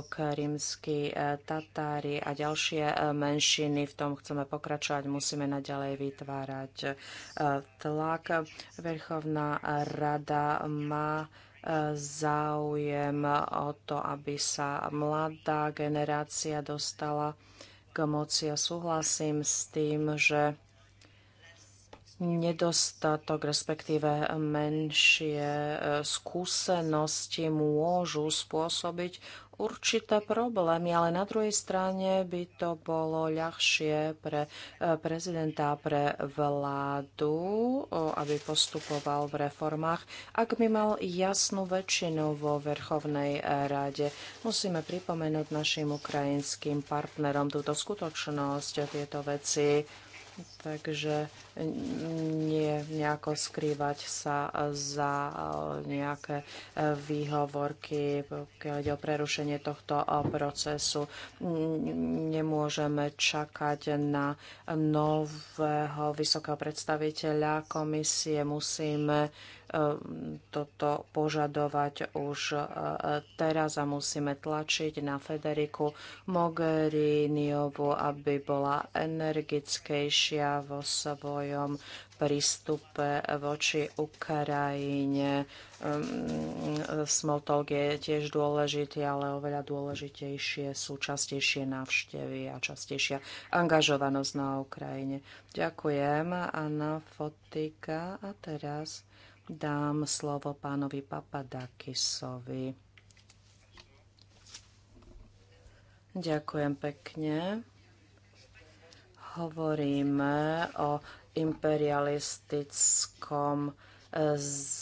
krímsky Tatári a ďalšie menšiny. V tom chceme pokračovať, musíme naďalej vytvárať tlak. Verchovná rada má záujem o to, aby sa mladá generácia dostala k moci. a súhlasím s tým, že nedostatok, respektíve menšie e, skúsenosti môžu spôsobiť určité problémy, ale na druhej strane by to bolo ľahšie pre eh, prezidenta a pre vládu, aby postupoval v reformách, ak by mal jasnú väčšinu vo Verchovnej eh, rade. Musíme pripomenúť našim ukrajinským partnerom túto skutočnosť, tieto veci Takže nie nejako skrývať sa za nejaké výhovorky, keď ide o prerušenie tohto procesu. Nemôžeme čakať na nového vysokého predstaviteľa komisie. Musíme Ehm, toto požadovať už e, teraz a musíme tlačiť na Federiku Mogheriniovu, aby bola energickejšia vo svojom prístupe voči Ukrajine. Ehm, Smoltok je tiež dôležitý, ale oveľa dôležitejšie sú častejšie návštevy a častejšia angažovanosť na Ukrajine. Ďakujem, Anna Fotika. A teraz dám slovo pánovi Papadakisovi. Ďakujem pekne. Hovoríme o imperialistickom e,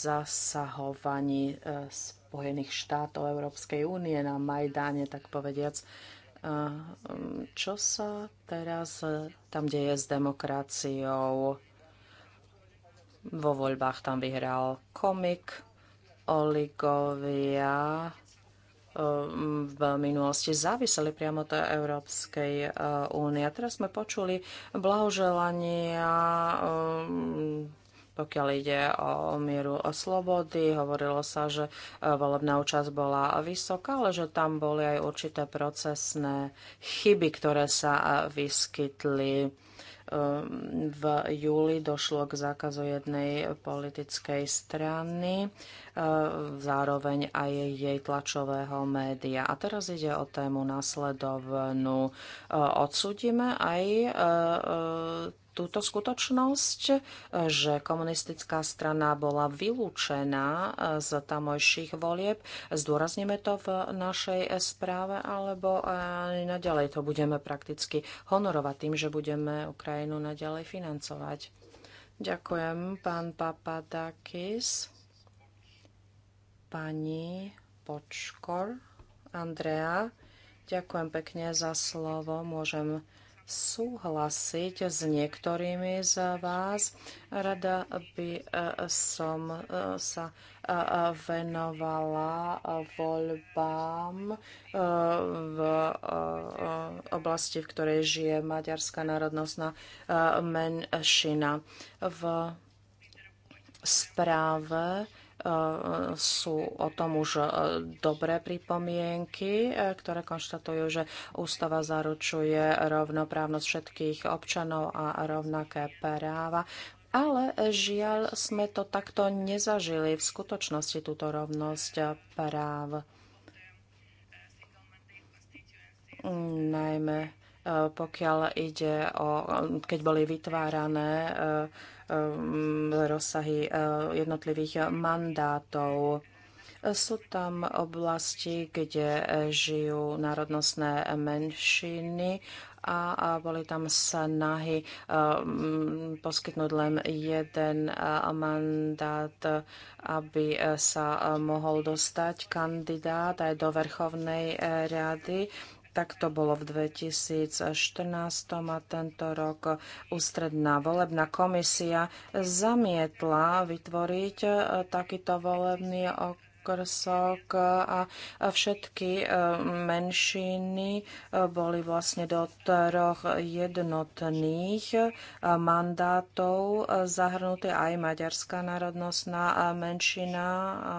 zasahovaní e, Spojených štátov Európskej únie na Majdáne, tak povediac. E, čo sa teraz tam deje s demokraciou? Vo voľbách tam vyhral komik oligovia eh, v minulosti záviseli priamo od Európskej eh, únie. A teraz sme počuli blahoželania eh, pokiaľ ide o mieru o slobody. Hovorilo sa, že volebná účasť bola vysoká, ale že tam boli aj určité procesné chyby, ktoré sa vyskytli Ehm, v júli došlo k zákazu jednej politickej strany, e, zároveň aj jej tlačového média. A teraz ide o tému nasledovnú. E, Odsudíme aj e, túto skutočnosť, e, že komunistická strana bola vylúčená e, z tamojších volieb. Zdôrazníme to v našej e, správe, alebo naďalej to budeme prakticky honorovať tým, že budeme Ukrajinu naďalej financovať. Ďakujem, pán Papadakis, pani Počkor, Andrea. Ďakujem pekne za slovo. Môžem súhlasiť s niektorými z vás. Rada by e, som e, sa e, venovala voľbám v oblasti, v ktorej žije maďarská národnostná menšina. V správe sú o tom už e, dobré pripomienky, e, ktoré konštatujú, že ústava zaručuje rovnoprávnosť všetkých občanov a rovnaké práva. Ale žiaľ sme to takto nezažili v skutočnosti túto rovnosť práv. Najmä e, pokiaľ ide o, keď boli vytvárané Ehm, rozsahy eh, jednotlivých mandátov. Sú tam oblasti, kde žijú národnostné menšiny a boli tam snahy ehm, poskytnúť len jeden eh, mandát, aby eh, sa mohol dostať kandidát aj do Verchovnej rady. Tak to bolo v 2014 a tento rok ústredná volebná komisia zamietla vytvoriť e, takýto volebný ok okrsok a všetky e, menšiny e, boli vlastne do troch jednotných mandátov zahrnuté aj maďarská národnostná menšina a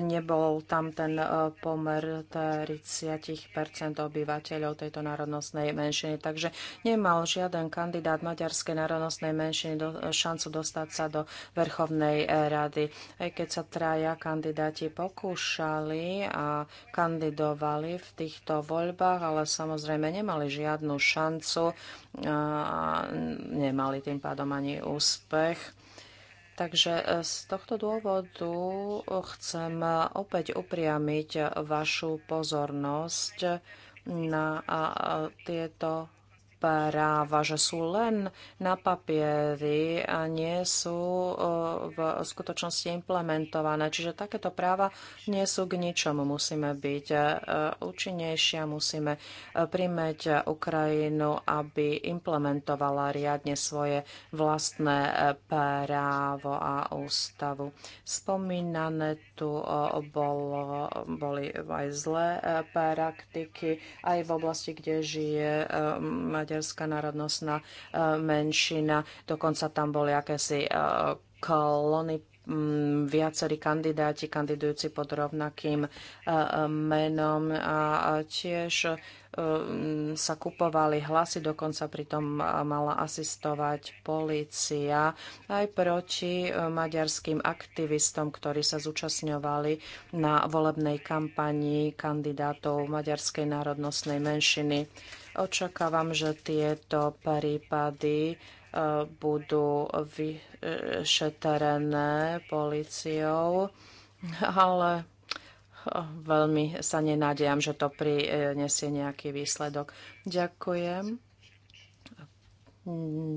nebol tam ten e, pomer 30 obyvateľov tejto národnostnej menšiny. Takže nemal žiaden kandidát maďarskej národnostnej menšiny do, e, šancu dostať sa do Verchovnej e, rady. Aj keď sa traja kandidáti pokúšali a kandidovali v týchto voľbách, ale samozrejme nemali žiadnu šancu, a nemali tým pádom ani úspech Takže e, z tohto dôvodu chcem opäť upriamiť vašu pozornosť na tieto práva, že sú len na papieri a nie sú e, v skutočnosti implementované. Čiže takéto práva nie sú k ničomu. Musíme byť e, a musíme e, primeť Ukrajinu, aby implementovala riadne svoje vlastné právo a ústavu. Spomínané tu bolo, boli aj zlé praktiky aj v oblasti, kde žije maďarská národnostná e, menšina. Dokonca tam boli akési e, kolony viacerí kandidáti kandidujúci pod rovnakým e, menom a tiež sa kupovali hlasy, dokonca pritom mala asistovať policia aj proti maďarským aktivistom, ktorí sa zúčastňovali na volebnej kampanii kandidátov maďarskej národnostnej menšiny. Očakávam, že tieto prípady e, budú vyšetrené policiou, ale e, veľmi sa nenádejam, že to prinesie nejaký výsledok. Ďakujem.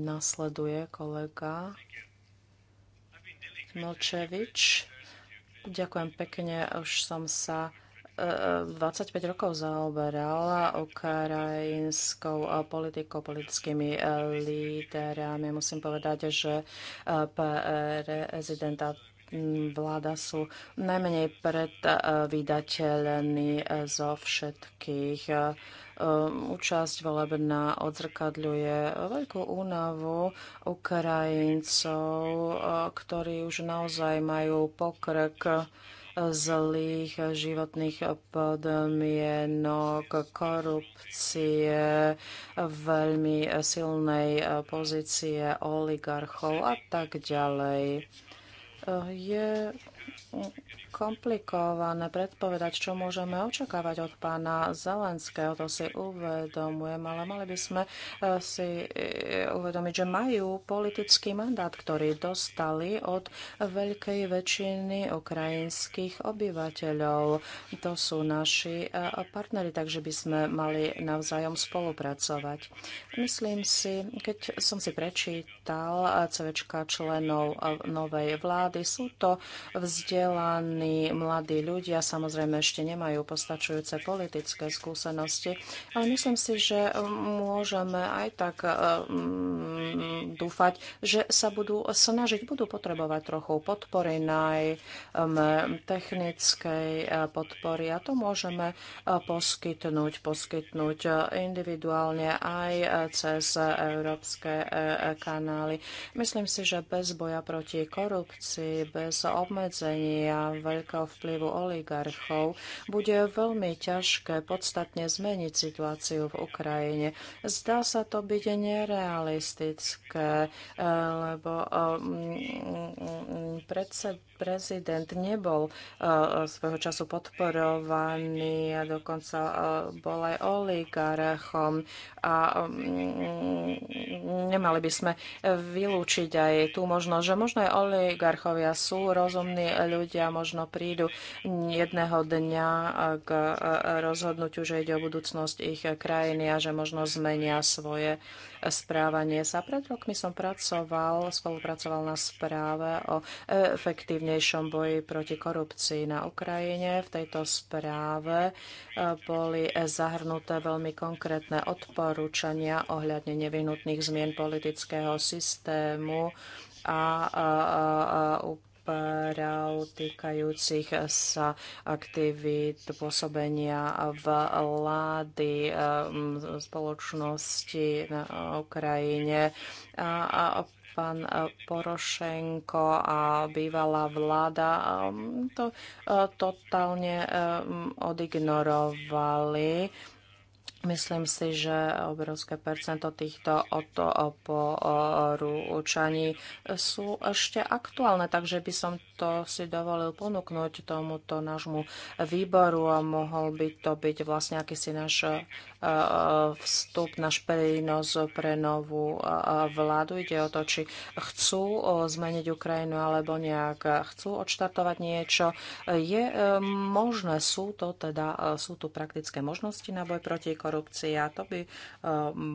Nasleduje kolega Nočevič. Ďakujem pekne, už som sa 25 rokov zaoberala ukrajinskou eh, politikou, politickými eh, líderami. Musím povedať, že eh, prezidenta hm, vláda sú najmenej predvydateľní zo všetkých. Účasť volebná odzrkadľuje veľkú únavu Ukrajincov, ktorí už naozaj majú pokrk zlých životných podmienok, korupcie, veľmi silnej pozície oligarchov a tak ďalej. Je komplikované predpovedať, čo môžeme očakávať od pána Zelenského. To si uvedomujem, ale mali by sme eh, si eh, uvedomiť, že majú politický mandát, ktorý dostali od veľkej väčšiny ukrajinských obyvateľov. To sú naši eh, partnery, takže by sme mali navzájom spolupracovať. Myslím si, keď som si prečítal CVčka členov novej vlády, sú to vzdelaní vzdelaní mladí ľudia samozrejme ešte nemajú postačujúce politické skúsenosti, ale myslím si, že môžeme aj tak eh, mm, dúfať, že sa budú snažiť, budú potrebovať trochu podpory na mm, technickej eh, podpory a to môžeme eh, poskytnúť, poskytnúť individuálne aj cez európske kanály. Myslím si, že bez boja proti korupcii, bez obmedzenia v veľkého vplyvu oligarchov, bude veľmi ťažké podstatne zmeniť situáciu v Ukrajine. Zdá sa to byť nerealistické, eh, lebo eh, pred prezident nebol uh, svojho času podporovaný a dokonca uh, bol aj oligarchom. A mm, nemali by sme vylúčiť aj tú možnosť, že možno aj oligarchovia sú rozumní ľudia, možno prídu jedného dňa uh, k rozhodnutiu, že ide o budúcnosť ich krajiny a že možno zmenia svoje správanie sa. Pred rokmi som pracoval, spolupracoval na správe o efektívnejšom boji proti korupcii na Ukrajine. V tejto správe e, boli zahrnuté veľmi konkrétne odporúčania ohľadne nevyhnutných zmien politického systému a, a, a, a úprav týkajúcich sa aktivít pôsobenia vlády ehm, spoločnosti na Ukrajine a pán Porošenko a bývalá vláda ehm, to e, totálne ehm, odignorovali Myslím si, že obrovské percento týchto odporúčaní sú ešte aktuálne, takže by som to si dovolil ponúknuť tomuto nášmu výboru a mohol by to byť vlastne akýsi náš vstup, na prínos pre novú vládu. Ide o to, či chcú zmeniť Ukrajinu alebo nejak chcú odštartovať niečo. Je e, možné, sú to teda, e, sú tu praktické možnosti na boj proti korupcii a to by e,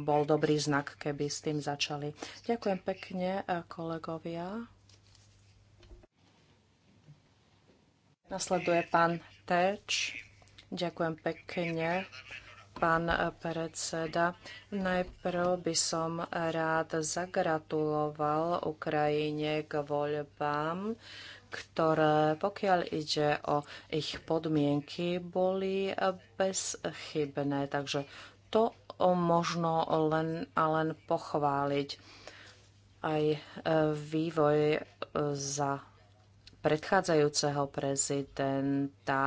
bol dobrý znak, keby s tým začali. Ďakujem pekne kolegovia. Nasleduje pán Teč. Ďakujem pekne pán predseda. Najprv by som rád zagratuloval Ukrajine k voľbám, ktoré, pokiaľ ide o ich podmienky, boli bezchybné. Takže to možno len a len pochváliť. Aj vývoj za predchádzajúceho prezidenta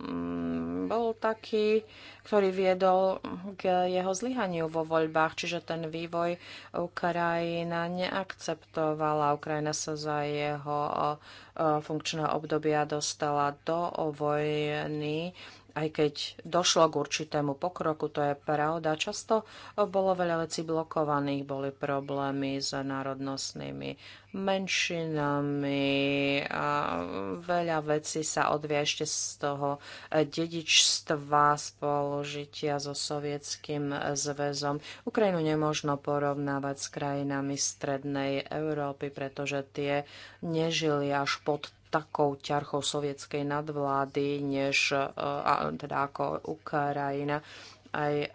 mm, bol taký, ktorý viedol k jeho zlyhaniu vo voľbách, čiže ten vývoj Ukrajina neakceptovala. Ukrajina sa za jeho eh, funkčného obdobia dostala do vojny aj keď došlo k určitému pokroku, to je pravda. Často bolo veľa vecí blokovaných, boli problémy s národnostnými menšinami a veľa vecí sa odvia ešte z toho dedičstva spolužitia so sovietským zväzom. Ukrajinu nemôžno porovnávať s krajinami strednej Európy, pretože tie nežili až pod takou ťarchou sovietskej nadvlády, než e, teda ako Ukrajina aj e,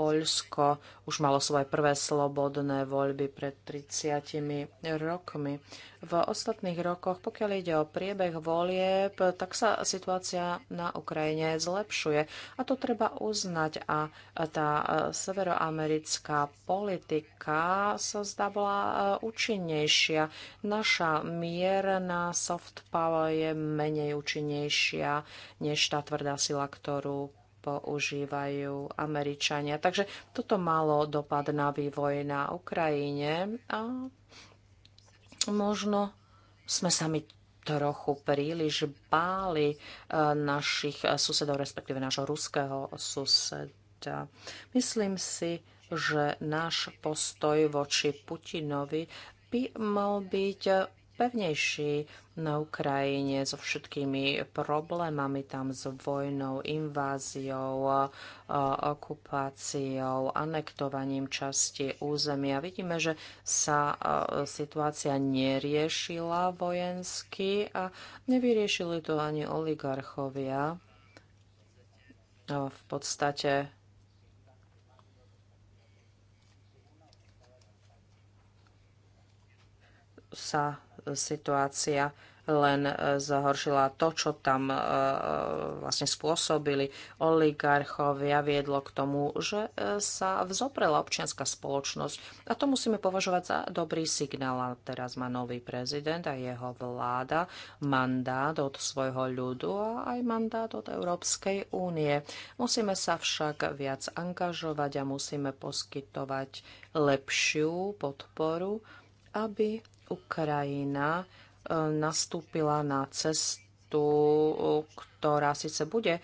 Poľsko už malo svoje prvé slobodné voľby pred 30 rokmi. V ostatných rokoch, pokiaľ ide o priebeh volieb, tak sa situácia na Ukrajine zlepšuje. A to treba uznať. A tá severoamerická politika sa zdá bola e, účinnejšia. Naša mierna soft power je menej účinnejšia než tá tvrdá sila, ktorú používajú Američania. Takže toto malo dopad na vývoj na Ukrajine a možno sme sami trochu príliš báli e, našich susedov, respektíve nášho ruského suseda. Myslím si, že náš postoj voči Putinovi by mal byť pevnejší na Ukrajine so všetkými problémami tam s vojnou, inváziou, okupáciou, anektovaním časti územia. Vidíme, že sa situácia neriešila vojensky a nevyriešili to ani oligarchovia. V podstate sa situácia len e, zhoršila to, čo tam e, e, vlastne spôsobili oligarchovia, viedlo k tomu, že sa vzoprela občianská spoločnosť. A to musíme považovať za dobrý signál. A teraz má nový prezident a jeho vláda mandát od svojho ľudu a aj mandát od Európskej únie. Musíme sa však viac angažovať a musíme poskytovať lepšiu podporu, aby Ukrajina e, nastúpila na cestu, ktorá síce bude e,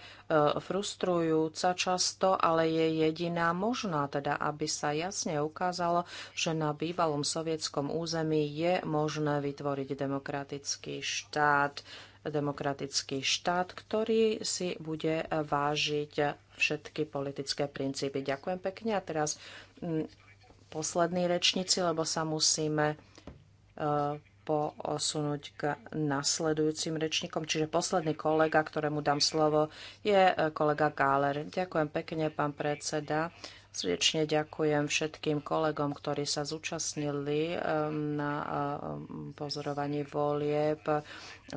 frustrujúca často, ale je jediná možná, teda aby sa jasne ukázalo, že na bývalom sovietskom území je možné vytvoriť demokratický štát, demokratický štát, ktorý si bude vážiť všetky politické princípy. Ďakujem pekne a teraz mm, poslední rečníci, lebo sa musíme posunúť k nasledujúcim rečníkom. Čiže posledný kolega, ktorému dám slovo, je e, kolega Gáler. Ďakujem pekne, pán predseda. Srdečne ďakujem všetkým kolegom, ktorí sa zúčastnili na pozorovaní volieb a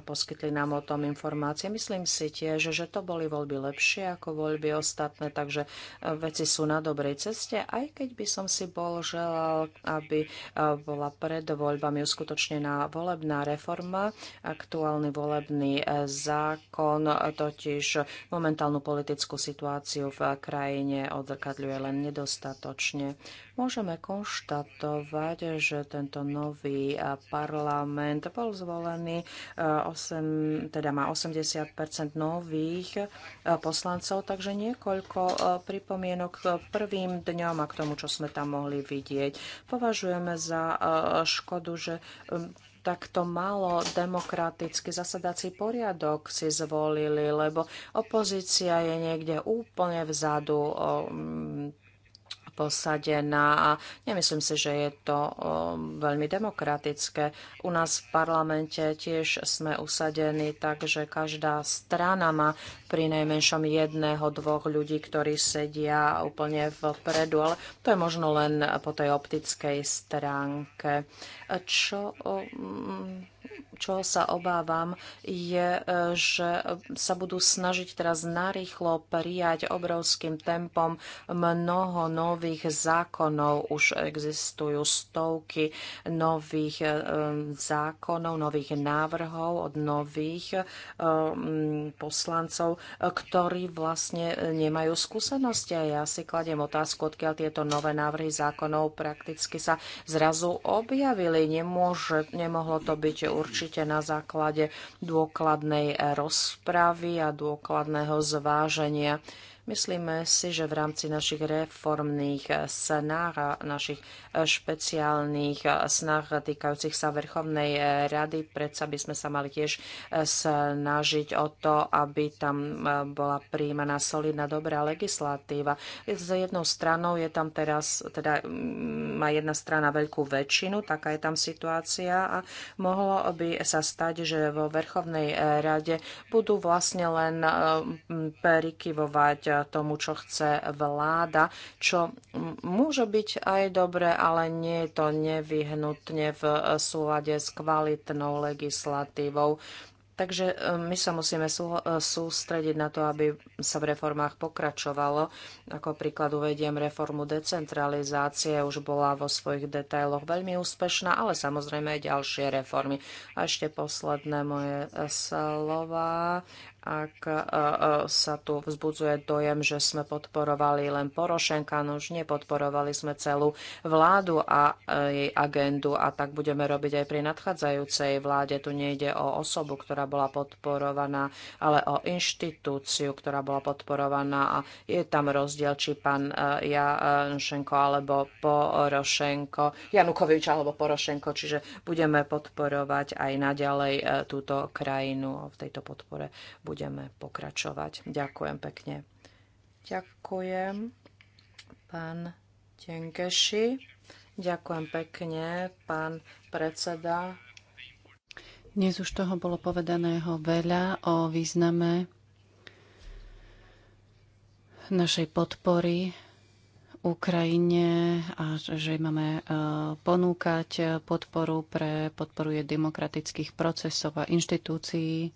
poskytli nám o tom informácie. Myslím si tiež, že to boli voľby lepšie ako voľby ostatné, takže eh, veci sú na dobrej ceste, aj keď by som si bol želal, aby eh, bola pred voľbami uskutočnená volebná reforma. Aktuálny volebný eh, zákon totiž momentálnu politickú situáciu v krajine odzrkadľuje len nedostatočne. Môžeme konštatovať, že tento nový parlament bol zvolený, 8, teda má 80 nových poslancov, takže niekoľko pripomienok k prvým dňom a k tomu, čo sme tam mohli vidieť. Považujeme za škodu, že takto málo demokraticky zasadací poriadok si zvolili, lebo opozícia je niekde úplne vzadu posadená a nemyslím si, že je to veľmi demokratické. U nás v parlamente tiež sme usadení, takže každá strana má pri najmenšom jedného, dvoch ľudí, ktorí sedia úplne vpredu, ale to je možno len po tej optickej stránke. Čo čo sa obávam, je, že sa budú snažiť teraz narýchlo prijať obrovským tempom mnoho nových zákonov. Už existujú stovky nových e, zákonov, nových návrhov od nových e, poslancov, ktorí vlastne e, nemajú skúsenosti. A ja si kladiem otázku, odkiaľ tieto nové návrhy zákonov prakticky sa zrazu objavili. Nemôže, nemohlo to byť určite na základe dôkladnej e, rozpravy a dôkladného zváženia Myslíme si, že v rámci našich reformných snách a našich špeciálnych snah týkajúcich sa Vrchovnej rady, predsa by sme sa mali tiež snažiť o to, aby tam bola príjmaná solidná, dobrá legislatíva. Z jednou stranou je tam teraz, teda má jedna strana veľkú väčšinu, taká je tam situácia a mohlo by sa stať, že vo Vrchovnej rade budú vlastne len prikyvovať tomu, čo chce vláda, čo môže byť aj dobre, ale nie je to nevyhnutne v súlade s kvalitnou legislatívou. Takže e, my sa musíme e, sústrediť na to, aby sa v reformách pokračovalo. Ako príklad uvediem reformu decentralizácie, už bola vo svojich detailoch veľmi úspešná, ale samozrejme aj ďalšie reformy. A ešte posledné moje e, slova ak e, e, sa tu vzbudzuje dojem, že sme podporovali len Porošenka, no už nepodporovali sme celú vládu a e, jej agendu a tak budeme robiť aj pri nadchádzajúcej vláde. Tu nejde o osobu, ktorá bola podporovaná, ale o inštitúciu, ktorá bola podporovaná a je tam rozdiel, či pán Janšenko alebo Porošenko, Janukovič alebo Porošenko, čiže budeme podporovať aj naďalej túto krajinu v tejto podpore budeme pokračovať. Ďakujem pekne. Ďakujem, pán Tenkeši. Ďakujem pekne, pán predseda. Dnes už toho bolo povedaného veľa o význame našej podpory Ukrajine a že máme e, ponúkať podporu pre podporuje demokratických procesov a inštitúcií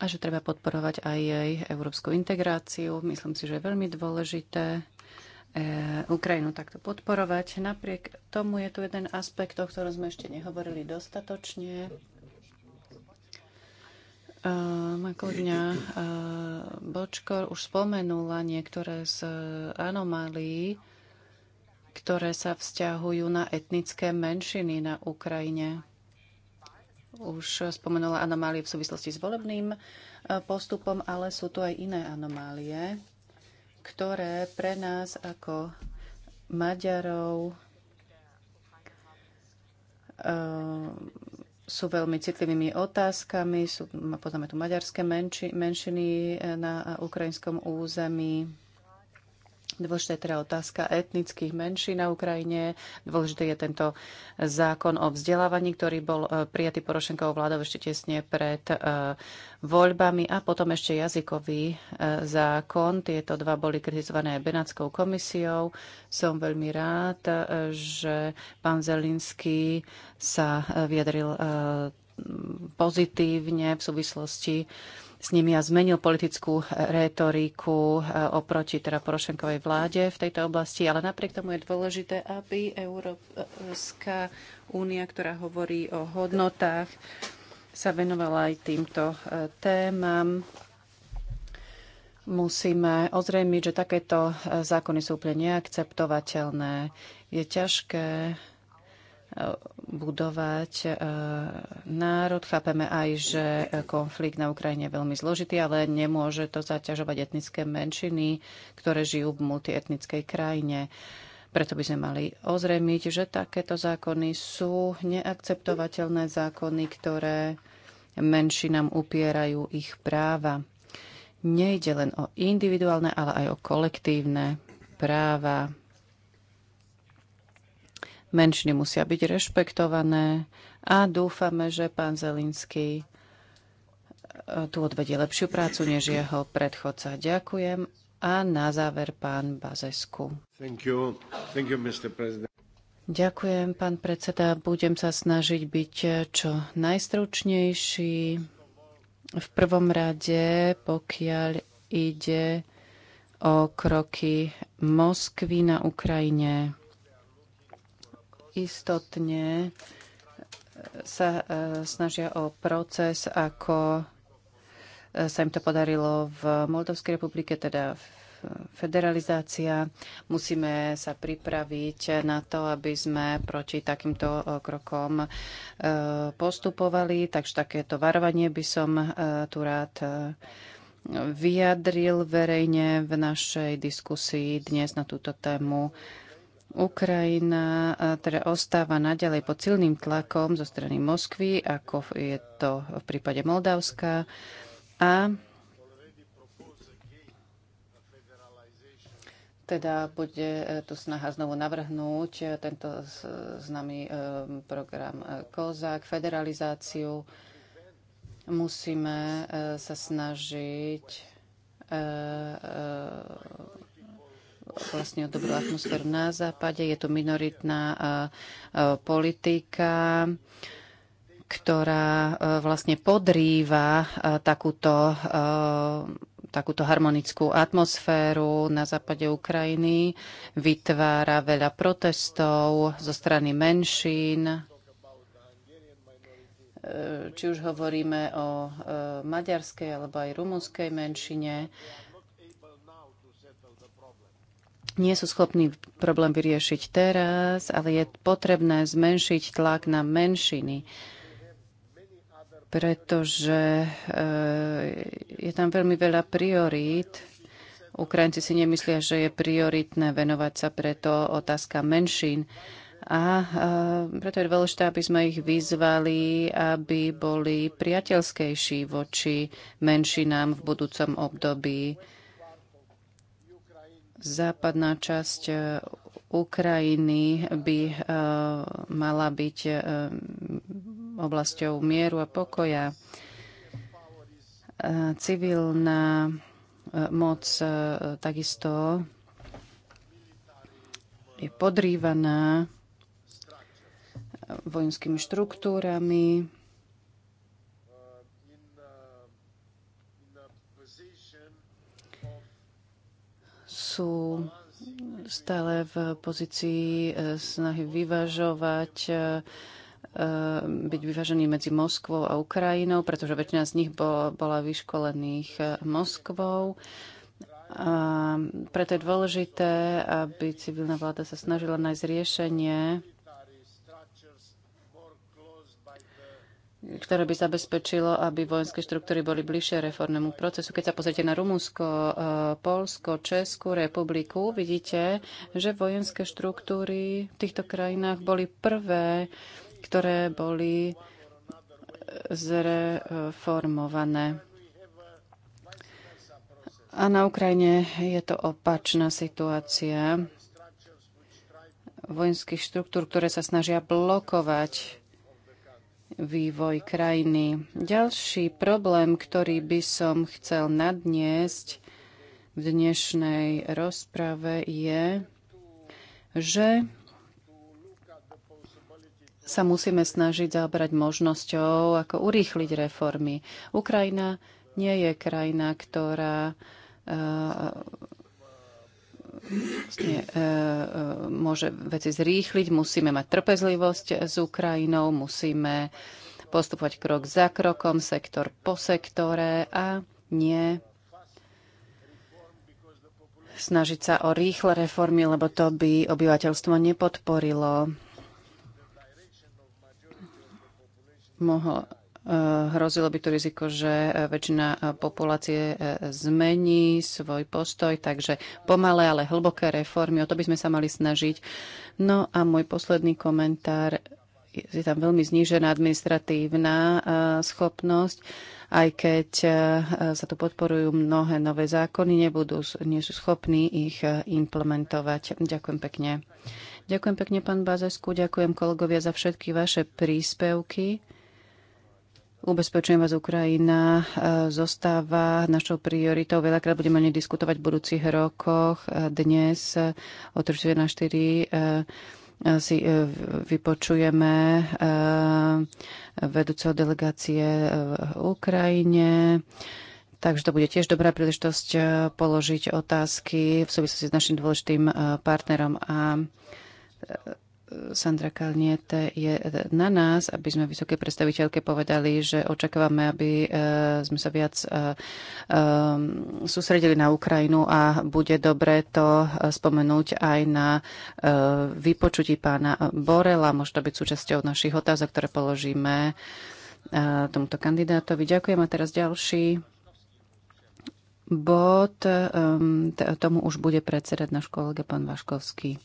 a že treba podporovať aj jej európsku integráciu. Myslím si, že je veľmi dôležité e, Ukrajinu takto podporovať. Napriek tomu je tu jeden aspekt, o ktorom sme ešte nehovorili dostatočne. Uh, moja kolegyňa uh, Bočkor už spomenula niektoré z anomálií, ktoré sa vzťahujú na etnické menšiny na Ukrajine už spomenula anomálie v súvislosti s volebným e, postupom, ale sú tu aj iné anomálie, ktoré pre nás ako Maďarov e, sú veľmi citlivými otázkami. Sú, poznáme tu maďarské menši, menšiny e, na ukrajinskom území. Dôležitá je teda otázka etnických menší na Ukrajine. Dôležitý je tento zákon o vzdelávaní, ktorý bol e, prijatý Porošenkovou vládou ešte tesne pred e, voľbami a potom ešte jazykový e, zákon. Tieto dva boli kritizované aj Benátskou komisiou. Som veľmi rád, že pán Zelinský sa vyjadril pozitívne v súvislosti s nimi a zmenil politickú e, retoriku e, oproti teda Porošenkovej vláde v tejto oblasti, ale napriek tomu je dôležité, aby Európska únia, ktorá hovorí o hodnotách, sa venovala aj týmto e, témam. Musíme ozrejmiť, že takéto zákony sú úplne neakceptovateľné. Je ťažké budovať e, národ. Chápeme aj, že konflikt na Ukrajine je veľmi zložitý, ale nemôže to zaťažovať etnické menšiny, ktoré žijú v multietnickej krajine. Preto by sme mali ozremiť, že takéto zákony sú neakceptovateľné zákony, ktoré menšinám upierajú ich práva. Nejde len o individuálne, ale aj o kolektívne práva menšiny musia byť rešpektované a dúfame, že pán Zelinský e, tu odvedie lepšiu prácu než jeho predchodca. Ďakujem. A na záver pán Bazesku. Thank you. Thank you, Mr. Ďakujem, pán predseda. Budem sa snažiť byť čo najstručnejší. V prvom rade, pokiaľ ide o kroky Moskvy na Ukrajine istotne e, sa e, snažia o proces, ako e, sa im to podarilo v Moldovskej republike, teda federalizácia. Musíme sa pripraviť na to, aby sme proti takýmto krokom postupovali. Takže takéto varovanie by som tu rád vyjadril verejne v našej diskusii dnes na túto tému. Ukrajina teda ostáva naďalej pod silným tlakom zo strany Moskvy, ako je to v prípade Moldavska. A teda bude e, tu snaha znovu navrhnúť e, tento známy e, program COZAK, federalizáciu. Musíme sa snažiť vlastne o dobrú atmosféru na západe. Je to minoritná politika ktorá vlastne podrýva takúto, takúto harmonickú atmosféru na západe Ukrajiny, vytvára veľa protestov zo strany menšín. E, či už hovoríme o e, maďarskej alebo aj rumunskej menšine, nie sú schopní problém vyriešiť teraz, ale je potrebné zmenšiť tlak na menšiny, pretože eh, je tam veľmi veľa priorít. Ukrajinci si nemyslia, že je prioritné venovať sa preto otázka menšín. A eh, preto je dôležité, aby sme ich vyzvali, aby boli priateľskejší voči menšinám v budúcom období západná časť e, Ukrajiny by e, mala byť e, oblasťou mieru a pokoja. Civilná moc takisto je podrývaná vojenskými štruktúrami, sú stále v pozícii e, snahy vyvažovať e, e, byť vyvážený medzi Moskvou a Ukrajinou, pretože väčšina z nich bola vyškolených Moskvou. A preto je dôležité, aby civilná vláda sa snažila nájsť riešenie ktoré by zabezpečilo, aby vojenské štruktúry boli bližšie reformnému procesu. Keď sa pozrite na Rumunsko, e, Polsko, Českú republiku, vidíte, že vojenské štruktúry v týchto krajinách boli prvé, ktoré boli e, zreformované. E, A na Ukrajine je to opačná situácia vojenských štruktúr, ktoré sa snažia blokovať vývoj krajiny. Ďalší problém, ktorý by som chcel nadniesť v dnešnej rozprave je, že sa musíme snažiť zaobrať možnosťou, ako urýchliť reformy. Ukrajina nie je krajina, ktorá uh, vlastne, e, e, môže veci zrýchliť, musíme mať trpezlivosť s Ukrajinou, musíme postupovať krok za krokom, sektor po sektore a nie snažiť sa o rýchle reformy, lebo to by obyvateľstvo nepodporilo. Mohlo Hrozilo by to riziko, že e, väčšina e, populácie e, zmení svoj postoj, takže pomalé, ale hlboké reformy, o to by sme sa mali snažiť. No a môj posledný komentár, je tam veľmi znížená administratívna schopnosť, aj keď sa tu podporujú mnohé nové zákony, nebudú, nie sú schopní ich implementovať. Ďakujem pekne. Ďakujem pekne, pán Bazesku, ďakujem kolegovia za všetky vaše príspevky. Ubezpečujem vás, Ukrajina e, zostáva našou prioritou. Veľakrát budeme o nej diskutovať v budúcich rokoch. E, dnes e, o 3 na 4 si vypočujeme vedúceho delegácie v Ukrajine. Takže to bude tiež dobrá príležitosť položiť otázky v súvislosti s našim dôležitým partnerom. A Sandra Kalniete, je na nás, aby sme vysoké predstaviteľke povedali, že očakávame, aby eh, sme sa viac eh, eh, sústredili na Ukrajinu a bude dobre to spomenúť aj na vypočutí pána Borela. Môže to byť súčasťou našich otázok, ktoré položíme tomuto kandidátovi. Ďakujem a teraz ďalší bod. Tomu už bude predsedať náš kolega pán Vaškovský.